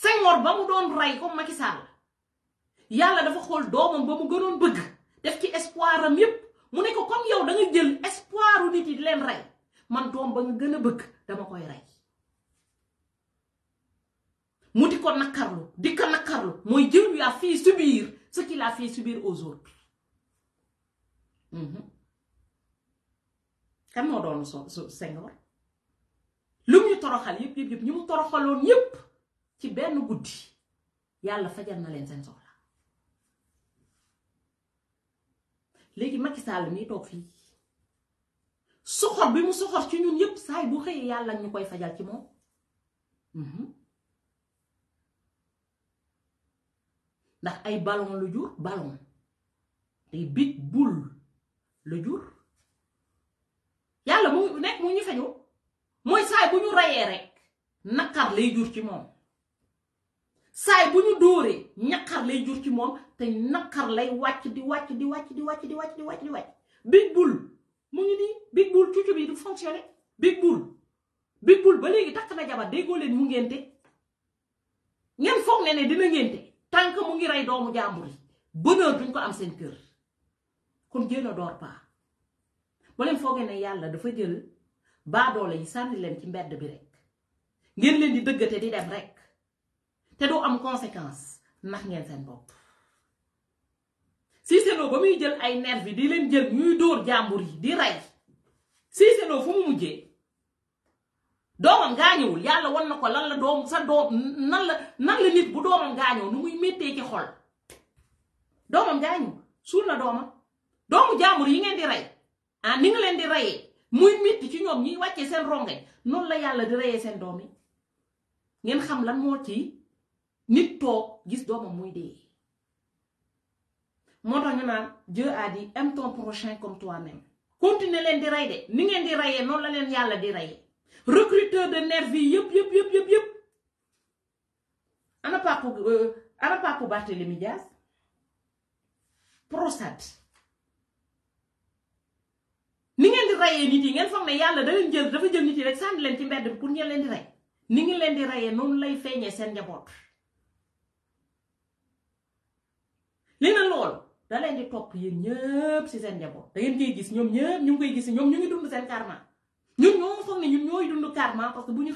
Senghor ba mu doon rey comme Macky Sall yàlla dafa xool doomam ba mu gënoon bëgg def ci espoir am mu ne ko comme yow da jël espoiru nit yi di leen rey man doom ba nga gën a bëgg dama koy rey mu di ko nakkarlu di ko nakkarlu mooy jël lui a fait si biir qu'il a fait subir aux autres mhm. kan moo doon so Senghor lu mu ñu toroxal yëpp yëpp ñu mu toroxaloon yëpp benn guddi yàlla fajal na leen seen soxla léegi Macky Sall mi toog fii soxor bi mu soxor ci ñun yépp saay bu xëyee yàlla ñu koy fajal ci moom mhm. ndax ay ballon la jur ballon te big bul lu jur yàlla mu nekk mu ñu feju mooy saay bu ñu rayee rek naqar lay jur ci moom saay bu ñu dóoree ñaqar lay jur ci moom te naqar lay wàcc di wàcc di wàcc di wàcc di wàcc di wàcc di wàcc big bul mu ngi nii big bul cucu bi du fonctionné big bul big bul ba léegi takk na jabar déggoo leen mu ngénte ngeen foog ne ne dina ngénte tànk mu ngi rey doomu jàmbur yi bonheur duñ ko am seen kër kon jéem door paa ba leen foogee ne yàlla dafa jël baadoole yi sànni leen ci mbedd bi rekk ngeen leen di dëggate di dem rek te du am conséquence nax ngeen seen bopp Cissé Lô ba muy jël ay nerf yi di leen jël ñuy dóor jàmbur yi di rey Cissé Lô fu mu mujjee doomam gaañewul yàlla wan na ko lan la doom sa doom nan la nan la nit bu doomam gaañoo nu muy méttee ci xol doomam gaañu suul na doomam doomu jàmbur yi ngeen di rey ah ni nga leen di reyee muy métti ci ñoom ñi wàccee seen ronge noonu la yàlla di reyee sen doom yi ngeen xam lan moo ci nit toog gis doomam muy dee moo tax ñu naan Dieu a dit aime ton prochain comme toi-même continuer leen di rey de ni ngeen di reyee noonu la leen yàlla di reyee recruteur de nervi yi yëpp yëpp yëpp yëpp yëpp ana papu euh, ana papu Barthélémy Dias prostate ni ngeen di reyee nit yi ngeen foog ne yàlla da leen jël dafa jël nit yi rek sànni leen ci mbedd bi pour ñeen leen di rey ni ngeen leen di reyee noonu lay feeñee seen njaboot li na da di top si seen njaboot da ngeen nyom gis nyom ñëpp ñu ngi gis ñoom ñu ngi dund seen karma ñun ñoo foog ne ñun ñooy dund karma parce que duñu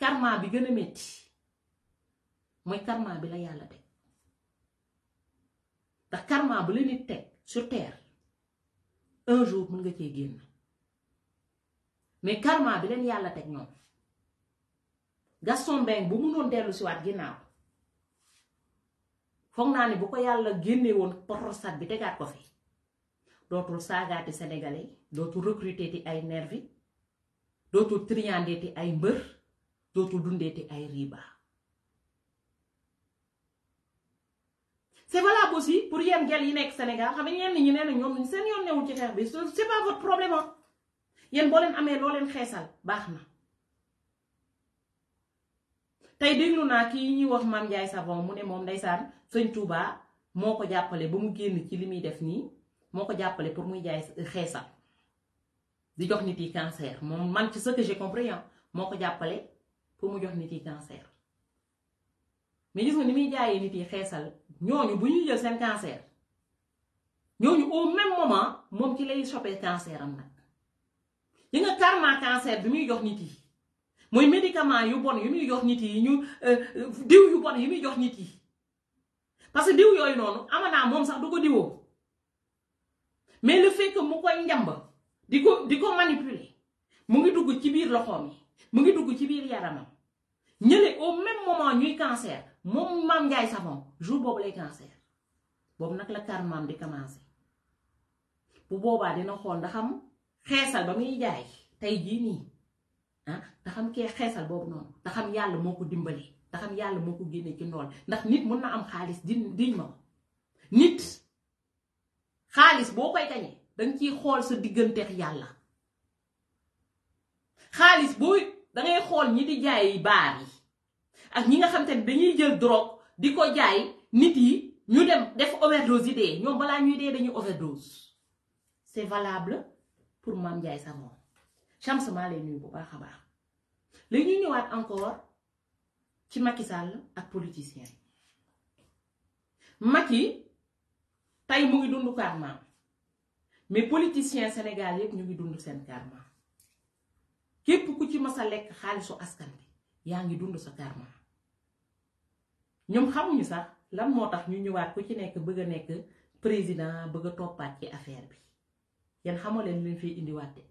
karma bi gën karma bi la yàlla karma bu la nit sur terre un jour mën nga mais karma bi leen yalla tek ñom Gaston beng bu mënoon delu si wat ginnaaw foog naa bu ko yalla genné won prostate bi tegaat ko fi dotul saagaati sénégalais dotul recruter ti ay nervi triandé ti ay dotul dundé ti ay riba c'est valable aussi pour yenn gel yi nek Sénégal xam ñen ñi néna ñom ñu sen yoon néwul ci xeex bi c'est pas votre problème yenn bo len amé lo len xéssal baxna tay deglu na ki ñuy wax Mame jaay Savon mu ne moom ndeysaan sëñ Touba moko jappalé jàppale ba mu genn ci limi def ni moko jappalé pour muy jaay xeesal di jox nit yi cancer mom man ci ce que j'ai compris hein moko jappalé pour mu jox nit yi cancer mais gis nga ni muy jaayee nit yi xéssal ñoñu bu ñu jël sen cancer ñoñu au même moment mom ci lay chopé cancer am nag yi nga karma cancer bi muy jox nit yi. mooy médicament yu bon yu muy jox nit yi ñu euh, diw yu bon yu muy jox nit yi parce que diw yooyu noonu amanaa moom sax du ko diwoo mais le fekk que mu koy njamb di ko di ko manipuler mu ngi dugg ci biir loxoom mu ngi dugg ci biir yaramam ñële au même moment ñuy cancer moom maam Ndiaye sax moom jour boobu lay cancer boobu nag la karmaam di commencé bu boobaa dina xool ndax am xeesal ba muy jaay tey jii nii. ah te xam kee xeesal boobu noonu te xam yàlla moo ko dimbali te yàlla moo ko génne ci nool ndax nit mun na am xaalis di diñ ma nit xaalis boo koy gañee danga ciy xool sa digganteex yàlla xaalis booy dangay xool ñi di jaay baar yi ak ñi nga xam te dañuy jël drogue di ko jaay nit yi ñu dem def overdose yi dee ñoom balaa ñuy dee dañuy overdose c'est valable pour Mame sa moom Chams maa lay nuyu bu baax a baax léegi ñëwaat encore ci Macky Sall ak politicien yi Macky tey mu ngi dund karmaam mais politicien Sénégal yépp ñu ngi dund seen karmaam képp ku ci mas a xaalisu askan bi yaa ngi dund sa karmaam ñoom xamuñu sax lan moo tax ñu ñëwaat ku ci nekk bëgg nekk président bëgg a ci affaire bi leen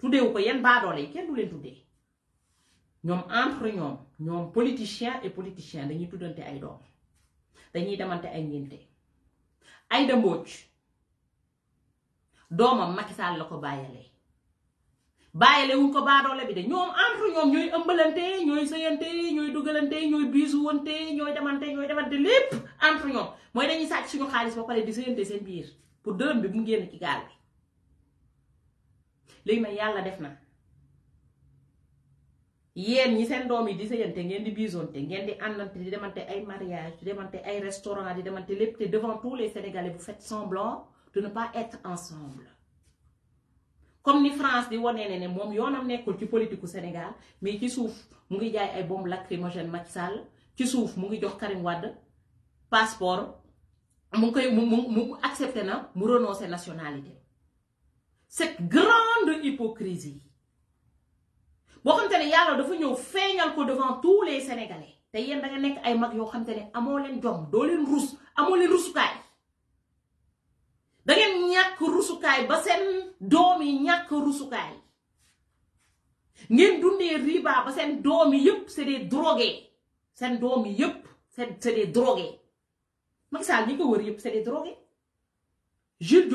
tuddewu ko yen mbaaɗoole e ken ɗulen tuddee ñoom entre ñoom ñoom politicien et politicien dañuy tuddante ay doom dañuy demante ay ngénte Aïda Mbodj doomam Macky Sall la ko bàyyalee bàyyale wuñ ko baadoole bi de ñoom entre ñoom ñooy ëmbalante ñooy sëyante ñooy dugalante ñooy biisuwante ñooy demante ñooy demante lépp entre ñoom mooy dañuy sàcc suñu xaalis ba pare di sëyante seen biir pour dërëm bi mu génn ci gaal bi léegi nag yàlla def na yéen ñi seen doom yi di sëyante ngeen di biisonte ngeen di andante di demante ay mariage di demante ay restaurant di demante lépp té devant tous les Sénégalais vous faites semblant de ne pas être ensemble comme ni France di woné né mom moom yoonam nekkul ci politiku Sénégal mais ci souf mu ngi jaay ay bombes lacrymogènes Macky Sall ci souf mu ngi jox Karim Wade passeport mu ngi koy mu mu accepté na mu renoncer nationalité cette grande hypocrisie boo xam te ne yàlla dafa ñëw feeñal ko devant tous les sénégalais te yéen da nekk ay mag yoo xam te ne amoo leen jom doo leen rus amoo leen rusukaay da ngeen ñàkk rusukaay ba seen doom yi ñàkk rusukaay ngeen dundee riba ba seen doom yi yëpp c'est des drogués seen doom yi yëpp c'est c'est des drogués Macky Sall ko wër yëpp c'est des drogués Jules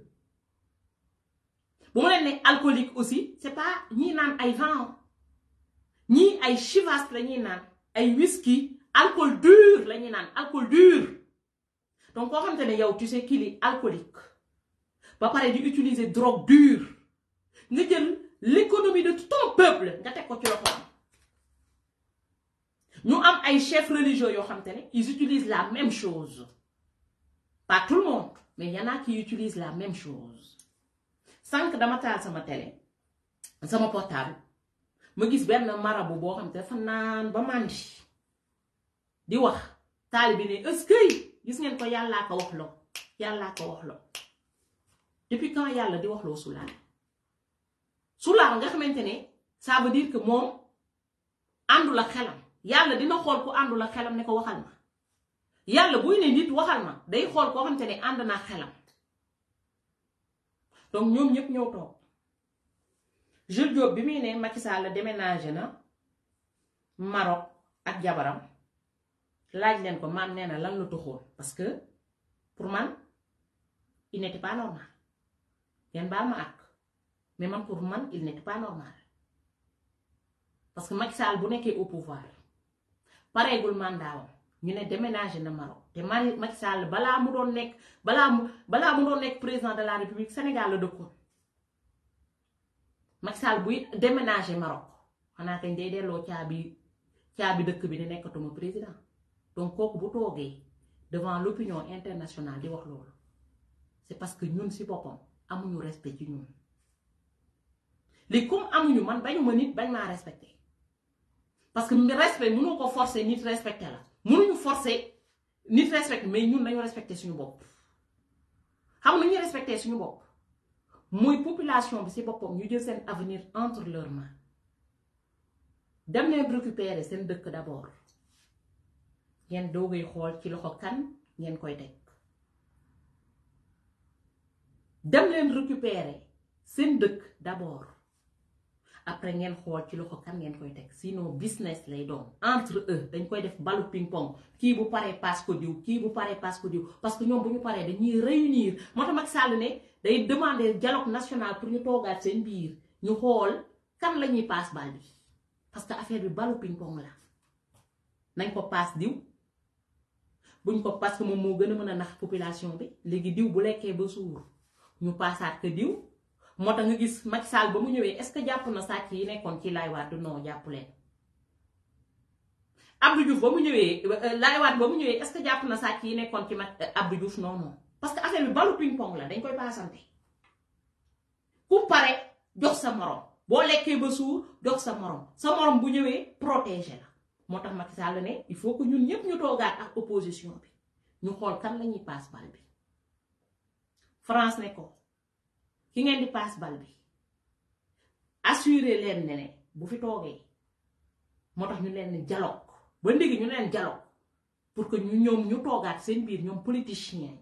Si vous êtes alcoolique aussi c'est pas ni nan ay vin ni ay chivas la ñuy ay whisky alcool dur alcool dur donc quand tu sais qu'il est alcoolique ba va parler utiliser drogue dure Ni que l'économie de tout ton peuple nga avons ko ci chefs religieux ils utilisent la même chose pas tout le monde mais il y en a qui utilisent la même chose sànq dama taal sama télé sama portable ma gis benn marabu bo xam te fa nan ba mandi di wax taalibe ne est-ce que gis ngeen ko yalla ko wax lo yalla ko wax lo depuis quand yalla di wax lo sulaar sulaar nga xamante ne ça veut dire que moom àndul ak xelam yàlla dina xol ku àndul la xelam ne ko waxal ma yalla buy ne nit waxal ma day xol ko xamante ne ànd naa xelam donc nous, ñëpp ñëw toog Jules Diop bi muy ne Macky Sall la na Maroc ak jabaram laaj leen ko maam nee na lan la toxoon parce que pour man il n'était pas normal ngeen baal pas ak mais pour man il n'était pas normal parce que Macky Sall bu nekkee au pouvoir pareegul mandaawam ñu ne déménagé na Maroc et Marie Macky Sall balaa mu doon nekk balaa mu balaa président de la république Sénégal de dëkkoon Macky Sall buy déménager Maroc xanaa a day delloo caabi caabi dëkk bi ne nekkatuma président donc kooku bu devant l'opinion internationale di wax loolu c'est parce que ñun ci boppam amuñu respect ci ñun léegi comme amuñu man bañu manit, nit bañ maa respecté parce que respect mënoo ko forcer nit respecté la mënuñu forcer nit respecté mais ñun dañu respecter suñu bop xam nga ñu respecter suñu bop moy population bi si boppam ñu jël sen avenir entre leurs mains dem leen récupérer sen dëkk d'abord ngeen dogay xol ci loxo kan ngeen koy tek dem leen récupérer sen dëkk d'abord après ngeen xol ci loxo kan ngeen koy tek sinon business lay doon entre eux dañ koy def balu ping pong ki bu paree paas ko diw ki bu paree paas ko diw parce que ñom buñu ñu de dañuy réunir moo ak Sall ne day demander dialogue national pour ñu toogaat seen biir ñu xol kan lañuy passe paas bal bi parce que affaire bi balu ping pong la nañ ko passe diw buñ ko parce que moom moo gën a nax population bi léegi diw bu lekkee ba sour ñu paasaat ko diw. moo tax nga gis Macky Sall ba mu ñëwee est jàpp na sàcc yi nekkoon ci Laay Wade noo jàpp leen Abdou ba mu ñëwee euh, Laay Wade ba mu ñëwee est jàpp na sàcc yi nekkoon ci mat euh, Abdou Diouf non non parce que affaire bi balu ping pong la dañ koy paasante ku pare jox sa morom boo lekkee ba suur jox sa morom sa morom bu ñëwee protéger la moo tax Macky Sall ne il faut que ñun ñëpp ñu toogaat ak opposition bi ñu xool kan la paas bal bi France ne ko. ki ngeen di paas bal bi assuré leen ne ne bu fi toogee moo tax ñu leen dialogue ba ndigi ñu leen dialogue pour que ñu ñoom ñu toogaat seen biir ñoom politiciens yi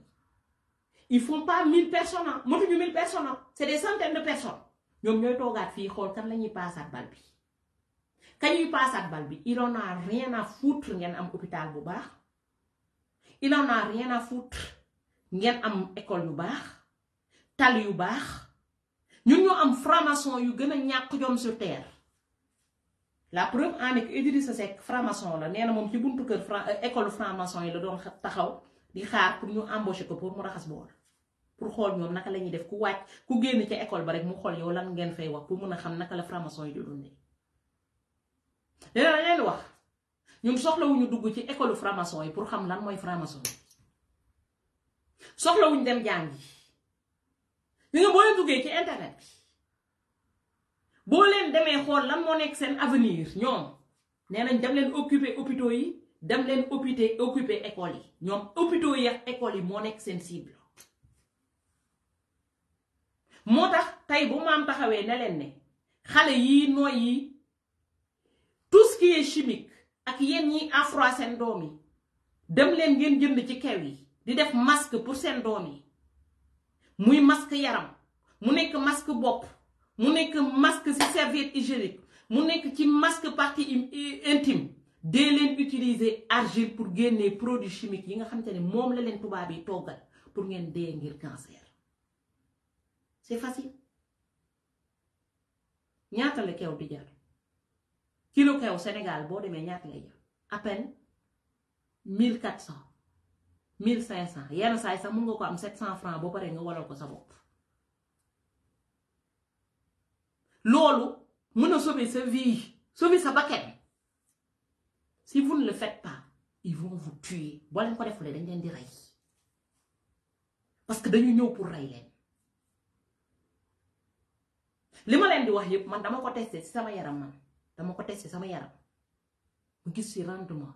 ils font pas mille personnes hein. motuñu mille personnes hein. c'est des centaines de personnes ñoom ñooy toogaat fii xool kan la ñuy paasaat bal bi ka ñuy paasaat bal bi il en a rien à foutre ngeen am hôpital bu baax il en a rien à foutre ngeen am école yu baax tali yu baax ñun ñoo am framason maçon yu gën a ñàkk jom sur terre la preuve en est que Idrissa Seck franc-maçon la nee na moom ci buntu kër euh, école franc-maçon yi la doon taxaw di xaar pour ñu embaucher ko pour mu raxas boor pour xool ñoom naka la ñuy def ku wàcc ku génn ca école ba rek mu xool yow lan ngeen fay wax pour mun a xam naka la franc-maçon yi di dundee. dina leen wax ñun soxlawuñu dugg ci école framason yi pour xam lan mooy franc-maçon dem jàngi. li nga boo leen duggee ci internet boo leen demee xool lan moo nekk seen avenir ñoom nee nañ dem leen occuper hôpitaux yi dem leen occuper occuper école yi ñoom hôpitaux yi école yi moo nekk seen cible moo tax tey bu maam taxawee neleen leen ne xale yii nooy yi tout ce chimique ak yéen ñiy afro seen doom yi dem leen ngeen jënd ci kew yi di def masque pour seen doom yi muy masque yaram mu nek masque bop mu nek masque ci serviette hygiénique mu nek ci masque partie intime dé leen utiliser argile pour génnee produits chimiques, yi nga xamante ne moom la leen tuba bi togal pour ngén dee ngir cancer c'est facile ñaata le keew di jar kilo keew Sénégal bo demee ñaata ngay jar à peine 1400. 1500 yenn say sa mën nga ko am 700 francs bo pare nga walal ko sa bop lolu mën sauver sa vie sauver sa bakkan si vous ne le faites pas ils vont vous tuer bo len ko defulee dañ len di ray parce que dañu ñëw pour ray len lima len di wax yépp man dama ko tester ci sama yaram man dama ko tester sama yaram mu gis ci rendement.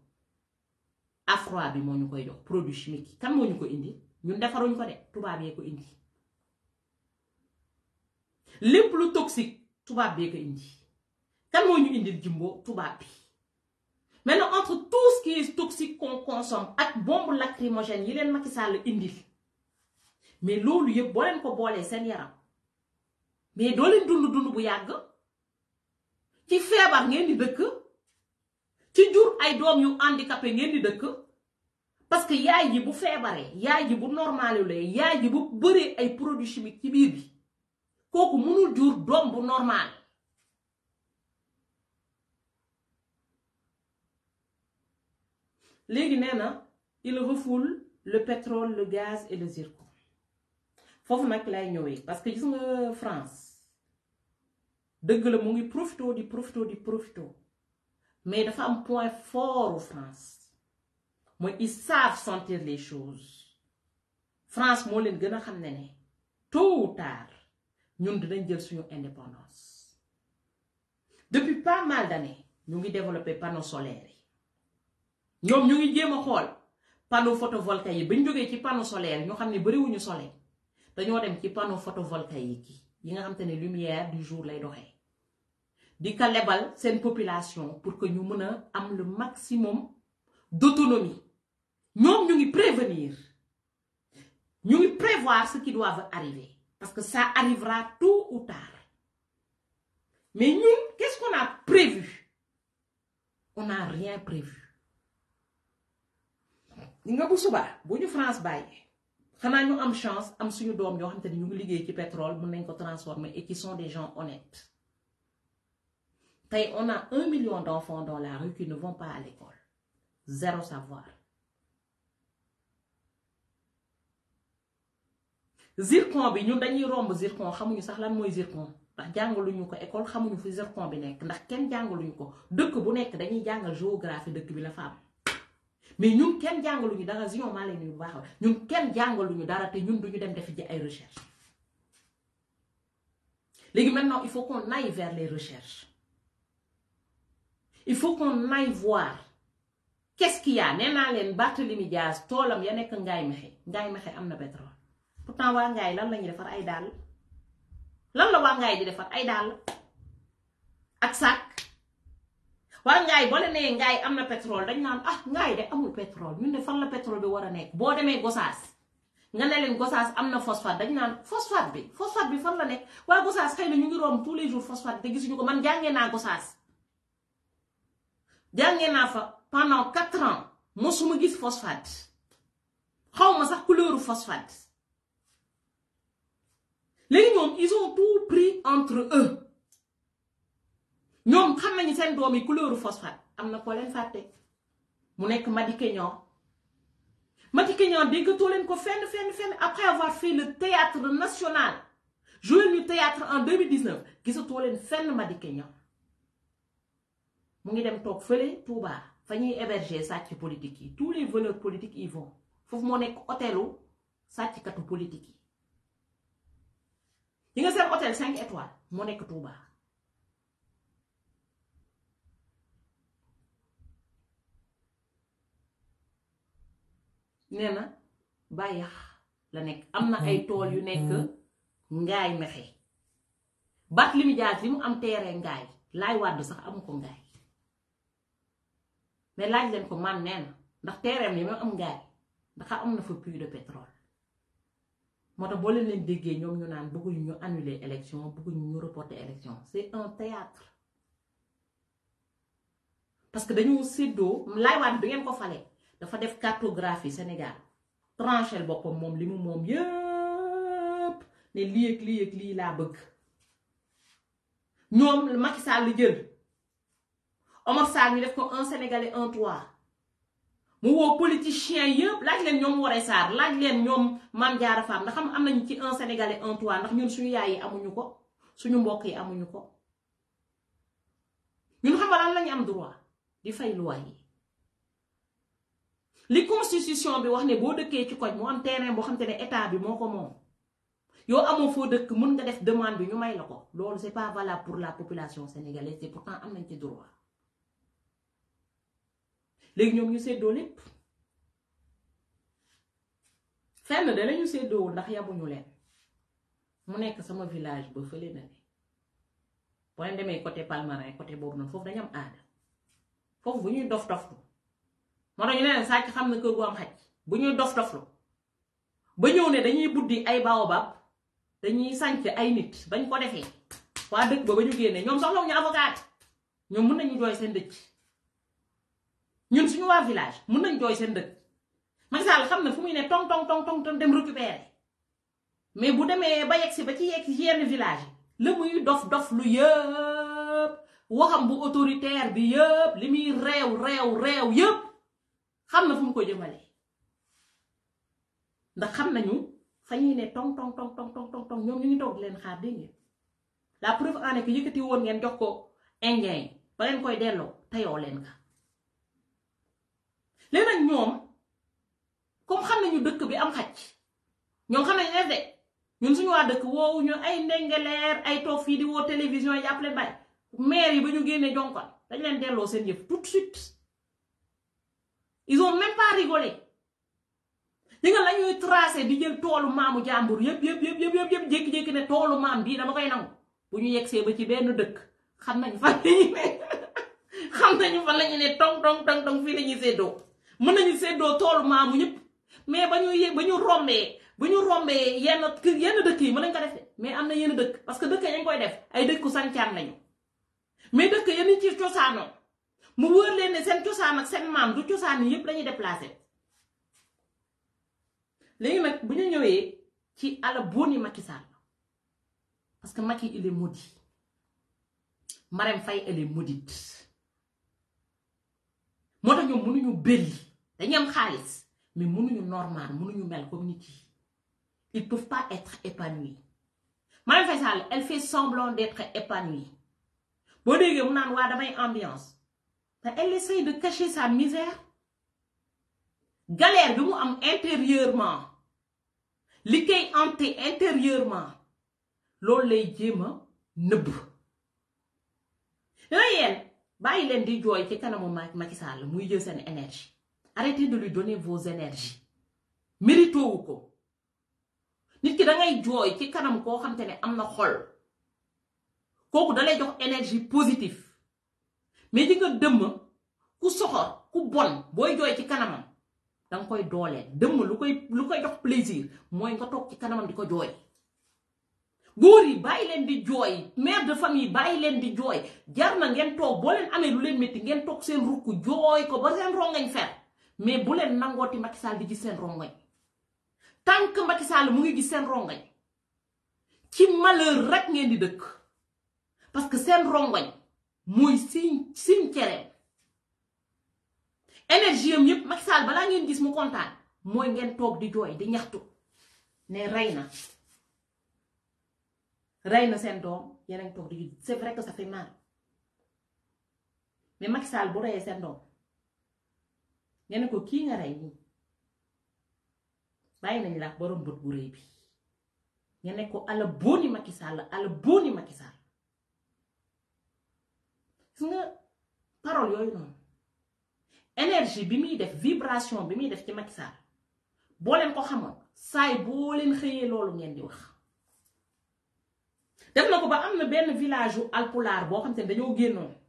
afroi bi moo ñu koy jox produit chimique yi kan moo ñu ko indi ñun defaruñ ko de tubaab yee ko indi lépp lu toxik tubaab bee ko indi kan moo ñu indil jimbo tubaab bi maintenant entre tout ce qui est toxique qu'on consomme ak bombe lacrymogène yi leen Macky Sall indil mais loolu yëpp boo leen ko boolee seen yaram mais doo leen dund dund bu yàgg ci feebar ngeen di dëkk ci jur ay doom yu handicapé ngeen di parce que yaay ji bu feebaree yaay ji bu normalulee yaay ji bu bëree ay produits chimiques ci biir bi kooku mënul jur dom bu normal légui néna il refoule le pétrole le gaz et le zircon fofu nak lay ñëwee parce que gis nga France deug la mo ngi profito di profito di profito mais dafa un point fort en France Moi, ils savent sentir les choses France moi, je ne tard nous indépendance depuis pas mal d'années nous avons développé panneaux solaires Nous, nous ñu ngi panneau photovoltaïque ci panneau solaire ñu ne avons soleil nos dem ci panneau photovoltaïque yi lumière du jour c'est une population pour que nous ayons le maximum d'autonomie Nous, nous prévenir nous prévoir ce qui doit arriver parce que ça arrivera tôt ou tard mais nous, qu'est-ce qu'on a prévu on n'a rien prévu Nous avons une France nous avons chance nous suñu Nous nous pétrole transformer et qui sont des gens honnêtes tey on a un million d'enfants dans la rue qui ne vont pas à l'école zéro savoir zircon bi ñun dañuy romb zircon xamuñu sax lan moy zircon ndax jàngaluñu ko école xamuñu fu zircon bi nek ndax kenn jàngaluñu ko dëkk bu nek dañuy jangal géographie dëkk bi la fa mais ñun kenn jàngaluñu dara zion maa leen bu baax ñun kenn jàngaluñu dara te ñun duñu dem def ji ay recherche léegi maintenant il faut qu'on aille vers les recherches il faut qu'on aille voir qu'est-ce qu'il y a nee naa leen Barthélemy Dias ya nek ngay Mexe ngay Mexe amna pétrole pourtant wa ngay lan lañu défar ay dal lan la waa ngay di défar ay dal ak sac wa ngay boo leen ngay amna pétrole dañ nan ah ngay, dé amul pétrole ñu né fan la pétrole bi wara nek bo démé demee Gosaas nga ne phosphate dañ nan phosphate bi phosphate bi fan la nek wa Gosaas xëy ñu ngi rom tous les jours phosphate te gisuñu ko man jangé na Gosaas dernier pendant 4 ans mosuma gis phosphate xawma sax couleur phosphate légui ñom ils ont tout pris entre eux ñom xam nañu sen doom couleur phosphate amna ko mu nek to len ko fenn fenn fenn après avoir fait le théâtre national jouer le théâtre en 2019 gisatoo len fenn mu ngi dem toog fële Touba fa ñuy héberger sàcc politique yi tous les voleurs politiques yi vont foofu moo nekk hôtelu sàcckatu politique yi. yi nga seen hôtel 5 étoiles moo nekk Touba nee na bàyyax la nekk am na ay tool yu nekk mm-hmm. ngaay mexe baat li mu jaar li mu am teere ngaay laay wàdd sax amu ko ngaay mais laaj ko man ndax sont yi am de pétrole leen leen ñu naan annuler élection reporter élection c'est un théâtre parce que dañu séddoo Laay waat bi ngeen ko falee dafa def cartographie Sénégal tranchel boppam moom li mu moom yëpp ne lii ak bëgg Omar ça ñu def ko un sénégalais un toi mu wo politicien yëpp laaj leen ñom Woré sar laaj leen ñom mam Diarra Fam da xam am nañu ci un sénégalais un toi ndax ñun suñu yaay amuñu ko suñu mbokk yi amuñu ko ñun xam nga lan lañu am droit di fay loi yi li constitution bi wax ne bo dëkkee ci koñ mu am terrain bo xam te état bi moko mom yo yow fo foo dëkk mën nga def demande bi ñu may la ko loolu c'est pas valable pour la population sénégalaise c'est pourtant am nañ ci droit. léegi ñoom ñu séddoo lépp fenn de lañu séddoo ndax yabuñu leen mu nekk sama village ba fële na ne boo leen demee côté Palmarin côté boobu noonu foofu dañu am aada foofu bu ñuy dof doflu moo tax ñu ne sàcc xam na kër gu am xaj bu ñuy dof doflu ba ñëw ne dañuy buddi ay baobab dañuy sànc ay nit bañ ko defee waa dëkk ba ba ñu génnee ñoom soxlawuñu avocat ñoom mën nañu jooy seen dëkk. ñun suñu waa village mun nañ jooy seen dëkk Macky xam na fu muy ne tong tong tong tong dem récupérer mais bu demee ba yegg si ba ci yegg si village yi la muy dof lu yëpp waxam bu autoritaire bi yëpp li muy réew réew réew yëpp xam na fu ko jëmalee ndax xam nañu fa ñuy ne tong tong tong tong tong ñoom ñu ngi toog leen xaar dégg ngeen la preuve en est yëkkati woon ngeen jox ko indien yi ba leen koy delloo te teyoo leen ka léegi nag ñoom comme xam nañu dëkk bi am xaj ñoom xam nañ de ñun suñu wa dëkk woowu ñu ay ndengeleer ay toog fii di woo télévision yi appelé bay maire yi ba ñu génnee jonkon dañ leen delloo seen yëf tout de suite ils ont même pas rigolé li nga la ñuy tracé di jël toolu maamu jàmbur yëpp yëpp yëpp yëpp yëpp jékki-jékki ne toolu maam bii dama koy nangu bu ñu yegsee ba ci benn dëkk xam nañ fan la ñu ne xam nañu fan la ñu ne tong tong tong tong fii lañuy ñuy mën nañu seddoo toolu maamu ñëpp mais ba ñu yee ba ñu rombee ba ñu rombee yenn kër yenn dëkk yi mën nañ ko defee mais am na yenn dëkk parce que dëkk yi dañ koy def ay dëkku sancaan lañu mais dëkk yenn ci cosaanoo mu wóor leen ne seen cosaan ak seen maam du cosaan yi yëpp la ñuy déplacé léegi nag bu ñu ñëwee ci ala boni Macky Sall parce que Macky il est maudit Marème Faye elle est maudite moo tax ñoom mënuñu belli Les am mais mënuñu normal mënuñu mel comme nit yi ils peuvent pas être épanouis Marième Faisal, elle fait semblant d'être épanouie bo déggee mu naan waa damay ambiance mais elle essaie de cacher sa misère galère bi mu am intérieurement li kay hanté intérieurement lol lay djema neub nëbb yooyu len di joy ci kanamu Macky Sall muy jël sen énergie arrêtez de lui donner vos énergies mérito wu ko nit ki da ngay jooy ci kanam koo xam te ne am na xol kooku dalay jox énergie positive mais di nga dëmm ku soxor ku bon booy jooy ci kanamam danga koy dooleel dëmm lu koy lu koy jox plaisir mooy nga toog ci kanamam di ko jooy góor yi bàyyi leen di jooy mère de famille bàyyi leen di jooy jar na ngeen toog boo leen amee lu leen metti ngeen toog seen rukk jooy ko ba seen rongañ fer mais bu leen nangooti Macky Sall di gis seen rongoñ tant que Macky Sall mu ngi gis seen rongoñ ci malheur rek ngeen di dëkk parce que seen rongoñ mooy siñ siñ cereem énergie yëpp Macky balaa ngeen gis mu kontaan mooy ngeen toog di jooy di ñaxtu ne rey na rey na seen doom yeneen toog di c'est vrai que ça fait mal mais Macky bu reyee seen doom nee na ko kii nga rey nii bàyyi nañ laa borom bët bu rëy bi nga ne ko ala booni Macky Sall ala boo Macky Sall su nga parole yooyu noonu énergie bi muy def vibration bi muy def ci Macky boo leen ko xamoon saay boo leen xëyee loolu ngeen di wax def na ko ba am na benn village yu alpulaar boo xam te ne dañoo génnoon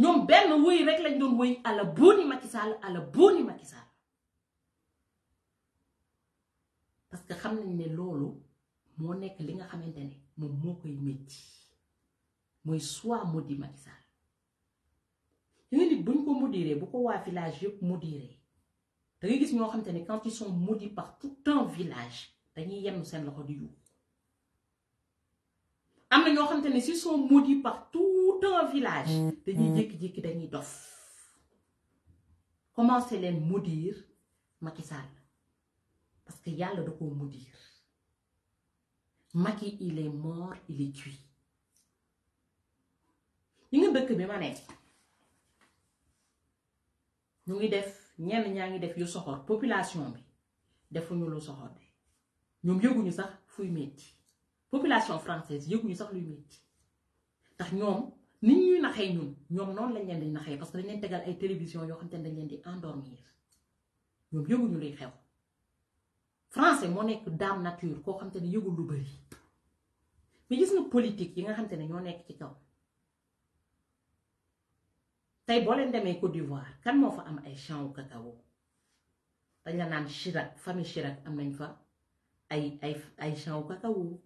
Nyon bèm wèk lèk lèk lèk lèk lèk, alè bouni makisal, alè bouni makisal. Paske khamnen lèk lèk lèk lèk lèk, mounèk lèk lèk lèk lèk, moun moun kwe mèd. Moun yi swa moudi makisal. Yon yon lèk boun kwe moudire, boun kwe wèk vilaj, yon kwe moudire. Tè kè gè gèk yon khamnen lèk, kwen ti son moudi partoutan vilaj, tè yon yèm nou sèm lèk lèk lèk. amna ñoo xamante sont maudits par tout un village mm, mm. dañuy jek jek dañuy dof Comment c'est maudire Macky Sall parce que yalla da ko maudire Macky il est mort il est cuit ñi nga bi ma ñu def ñen def yu soxor population bi ñu lu soxor sax fuy metti population française yëguñu sax luy métti tax ñoom nit ñuy naxee ñun ñoom noonu lañ leen di naxee parce que dañ leen tegal ay télévision yoo xam te dañ leen di endormir ñoom yëguñu luy xew français moo nekk dame nature koo xam te ne yëgul lu bëri mais gis nga politique yi nga xam te ne ñoo nekk ci kaw tey boo leen demee Côte d'Ivoire kan moo fa am ay champs cacao dañ la naan Chirac famille Chirac am nañ fa ay ay ay champs cacao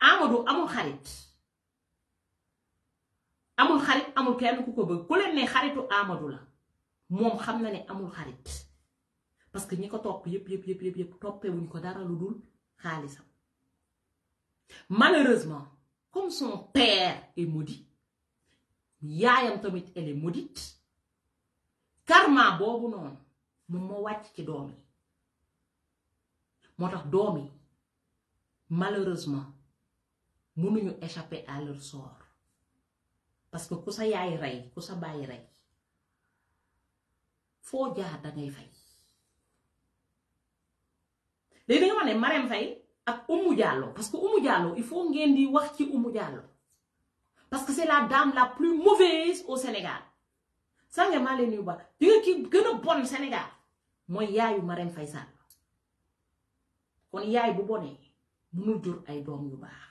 Amadou amul xarit amul xarit amul kenn ku ko bëgg ku leen ne xaritu Amadou la moom xam na ne amul parce que ñi ko topp yëpp yëpp yëpp yëpp yëpp toppee wuñ ko dara lu dul malheureusement comme son père est maudit yaayam tamit elle est maudite karma boobu non, moom moo wàcc ci doom yi malheureusement mënuñu échapper à leur sort parce que ku sa yaay rey ku sa baay rey foo jaar dangay fay léegi da nga wax ne Marème Faye ak Oumou Diallo parce que Oumou Diallo il faut ngeen di wax ci Oumou Diallo parce que c'est la dame la plus mauvaise au Sénégal sànge maa leen yu ba di nga ki gën a bon Sénégal mooy yaayu Marème fay Sall kon yaay bu bonee mënul jur ay doom yu baax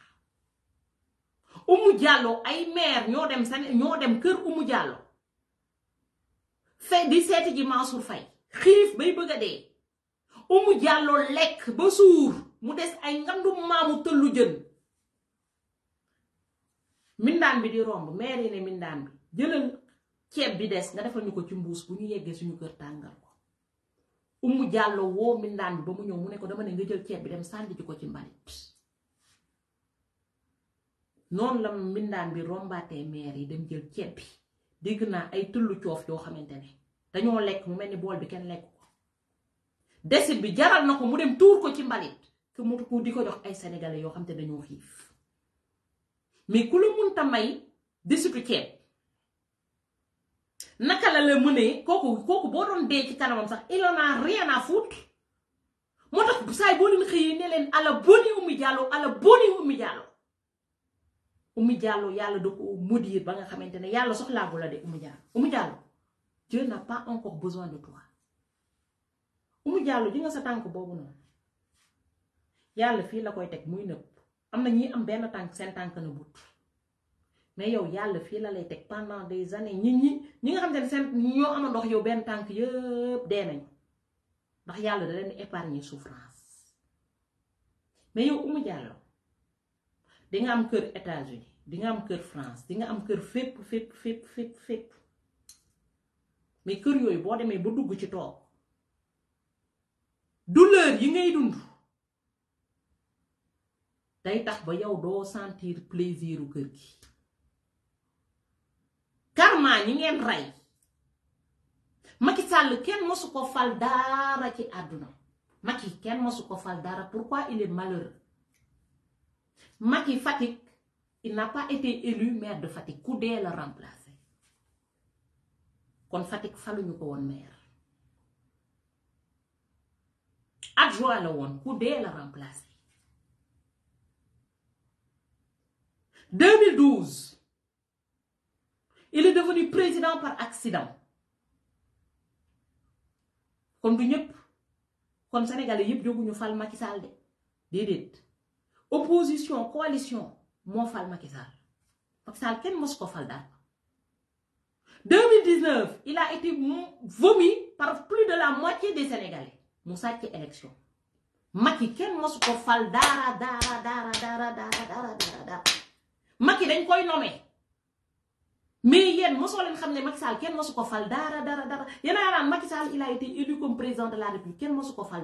Oumou Diallo ay maire ñoo dem seen ñoo dem kër Oumou Diallo fe di seeti ji Mansour Faye xiif bay bëgg a dee Oumou Diallo lekk ba suur mu des ay ngandu maamu tëllu jën mindaan bi di romb meer yi ne mindaan bi jëlal ceeb bi des nga defal ñu ko ci mbuus bu ñu yeggee suñu kër tàngal ko Oumou Diallo woo mindaan bi ba mu ñëw mu ne ko dama ne nga jël ceeb bi dem sànni ko ci mbalit noonu la mbindaan bi rombaate maire yi dem jël ceeb bi dégg naa ay tullu coof yoo xamante ne dañoo lekk mu mel ni bool bi kenn lekk ko desit bi jaral na ko mu dem tuur ko ci mbalit que mu ko di ko jox ay sénégalais yoo xam te dañoo xiif mais ku la munta may desitu ceeb naka la la mënee kooku kooku boo doon dee ci kanamam sax il en a rien à foutre moo tax saay boo leen xëyee ne ala boni ummi jàllo ala boni ummi jàllo umi Diallo yalla da ko maudire ba nga xamantene yalla soxla soxlaagu la de umi Diallo umi Diallo Dieu n'a pas encore besoin de toi umi Diallo ji nga sa tank bobu non yalla fi la koy tek muy nëpp amna ñi am ben tank sen tank na but mais yow yalla fi la lay tek pendant des années ñi ñi ñi nga xamantene sen seen ñoo ama ndox yow ben tank yëpp de nañ ndax yalla da leen épargner souffrance mais yow umu Diallo dinga am kër États-Unis dinga am kër France di nga am kër fépp fépp fépp fépp fépp mais kër yooyu boo demee ba dugg ci toog duleur yi ngay dund day tax ba yow doo sentir plaisiru kër gi karma ñi ngeen rey Macky sàll kenn mosu ko fal dara ci àdduna Macky kenn mosu ko fal dara pourquoi il est malheureux Macky Fatick il n'a pas été élu maire de Fatick Koudé la remplacé kon Fatick a ko woon maire Adjoa la woon Koudé la remplacé 2012 il est devenu président par accident kon nous, ñëpp kon Sénégalais yëpp jóguñu fal Macky Sall de déedéet opposition coalition moo fal Macky Sall Macky Sall ko fal 2019 il a été vomi par plus de la moitié des Sénégalais Mon sàcc élection Macky kenn mosu ko fal dara dara dara dara dara daara daara koy nommé mais yéen mosoo l'en xam ne Macky Sall ko fal dara dara dara. yéen a naan il a été élu comme président de la République kenn mosu ko fal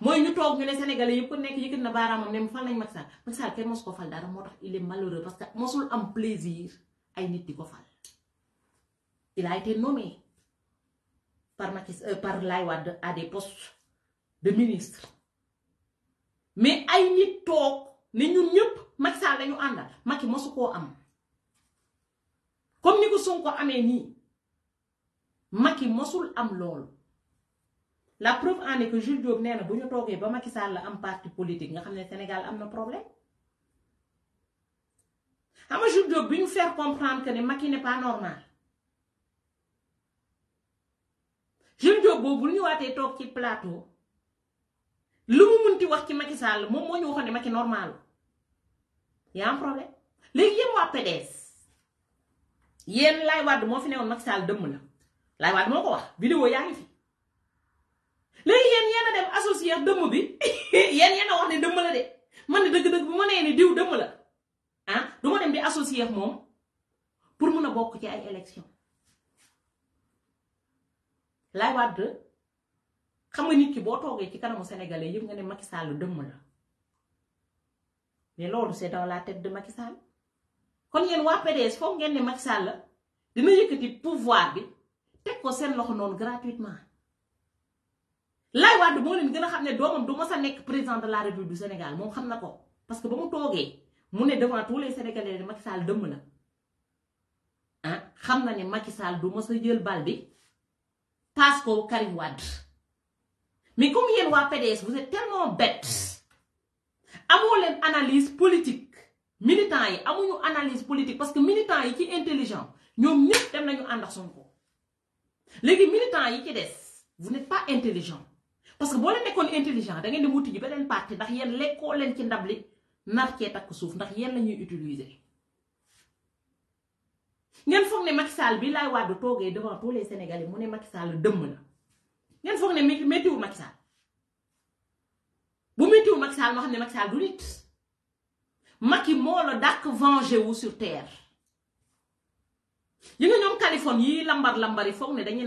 moy ñu tok ñu ne sénégalais yëpp nek nekk na Macky Sall Macky Sall ko fal dara il est malheureux parce que mosul am plaisir ay nit di ko fal il a été nommé par la euh, par à des postes de ministre mais ay nit tok ni ñun ñëpp Macky Sall lañu andal Macky am comme ni ko Sonko Macky am la preuve en est que Jules Diop nee na bu ñu toogee ba Macky Sall la am parti politique nga xam ne Sénégal am na problème xam nga Jules Diop bi ñu faire comprendre que ne Macky boobu bu ñu waatee toog ci plateau lu mu munti wax ci Macky Sall moom moo ñu waxoon ne Macky normal y a un problème léegi yéen waa PDS yéen Laye moo fi newoon Macky Sall dëmm la Laye Wade moo ko wax vidéo yaa ngi fi. léegi yéen yéen a dem associer dëmm bi yéen yéen a wax ne dëmm la de man ne dëgg-dëgg bu ma nee ni diw dëmm la ah du dem di associé moom pour mun a bokk ci ay élection Laay Wàdd xam nga nit ki boo toogee ci kanamu sénégalais yëpp nga ne Macky Sall dëmm la mais loolu c'est dans la tête de Macky Sall kon yéen waa PDS foog ngeen ne Macky Sall dina yëkkati pouvoir bi teg ko seen loxo noonu gratuitement. Lai Wad, leen du président de la république du Sénégal parce que devant tous les sénégalais Macky Sall dëmm ah, Macky Sall du jël bal bi ko Karim mais comme PDS vous êtes tellement bêtes amo leen analyse politique militants yi amuñu analyse politique parce que militants yi ci intelligent ñom dem nañu militants vous n'êtes pas intelligent parce que si vous êtes intelligent vous avez di parti ndax qui ci ndab li souffle, ndax n'avez utiliser. que Macky devant tous les Sénégalais vous Macky Sall dëmm la Vous Macky Sall bu Macky Sall Macky Sall Macky vous la sur terre nga une Californie lambar lambar dañuy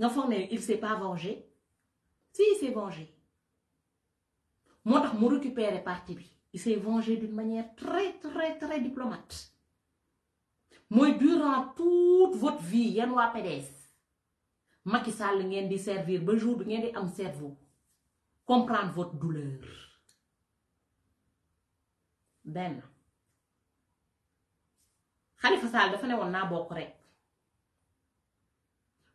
L'enfant, mais il ne s'est pas vengé. Si, il s'est vengé. Moi, je récupère partie. Il s'est vengé d'une manière très, très, très diplomate. Moi, durant toute votre vie, y il a un Macky Sall ngeen di servir ba jour bi ngeen di am cerveau comprendre votre douleur Ben. Khalifa Sall dafa ne n'a naa bokk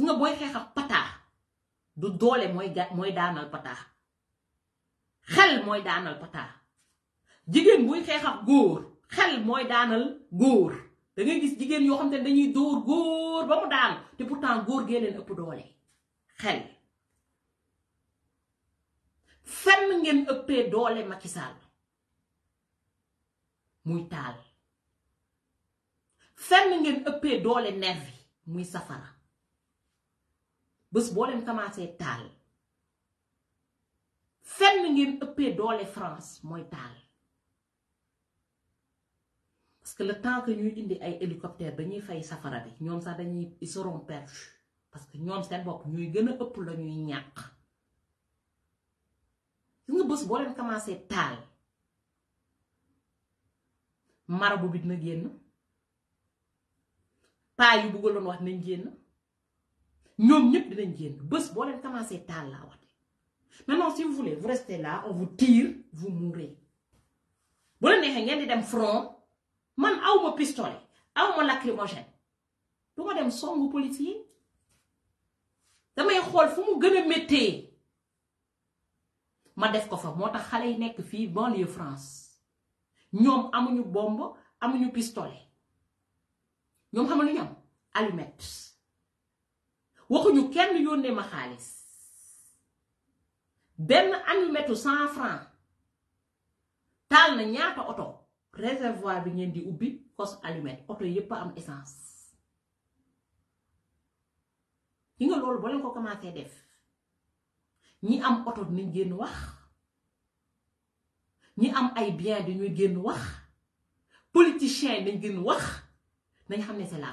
gis nga booy xeex ak du doole mooy ga mooy daanal pataax xel mooy daanal pataax jigéen buy xeex ak góor xel mooy daanal góor da gis jigéen yoo xam ne dañuy dóor góor ba mu daan te pourtant góor gee leen ëpp doole xel fenn ngeen ëppee doole Macky Sall muy taal fenn ngeen ëppee doole nervi muy safara bës boo leen commencé taal fenn ngeen ëppee doole France mooy taal parce que le temps que ñuy indi ay hélicoptère ba ñuy fay safara bi ñoom sax dañuy ils seront perdus parce que ñoom seen bopp ñuy gën a ëpp la ñuy ñàkk gis nga bés boo leen commencé taal marabu bi dina génn paa yu bëggaloon wax nañ génn. Nous sommes dinañ les maintenant si vous voulez vous restez là on vous tire vous mourrez Vous avez neexee front man un pistolet lacrymogène dem songu policier Vous avez fu mu vous avez ma Je ko fa yi nekk banlieue France bombe pistolet Nous allumette waxuñu kenn yónnee ma xaalis benn allumettu cent franc taal na ñaata oto réservoir bi ngeen di ubbi cos allumette oto yépp am essence yi nga loolu boo leen ko commencé def ñi am oto dinañ génn wax ñi am ay bien dañuy génn wax politiciens dañ génn wax nañ xam ne c'est la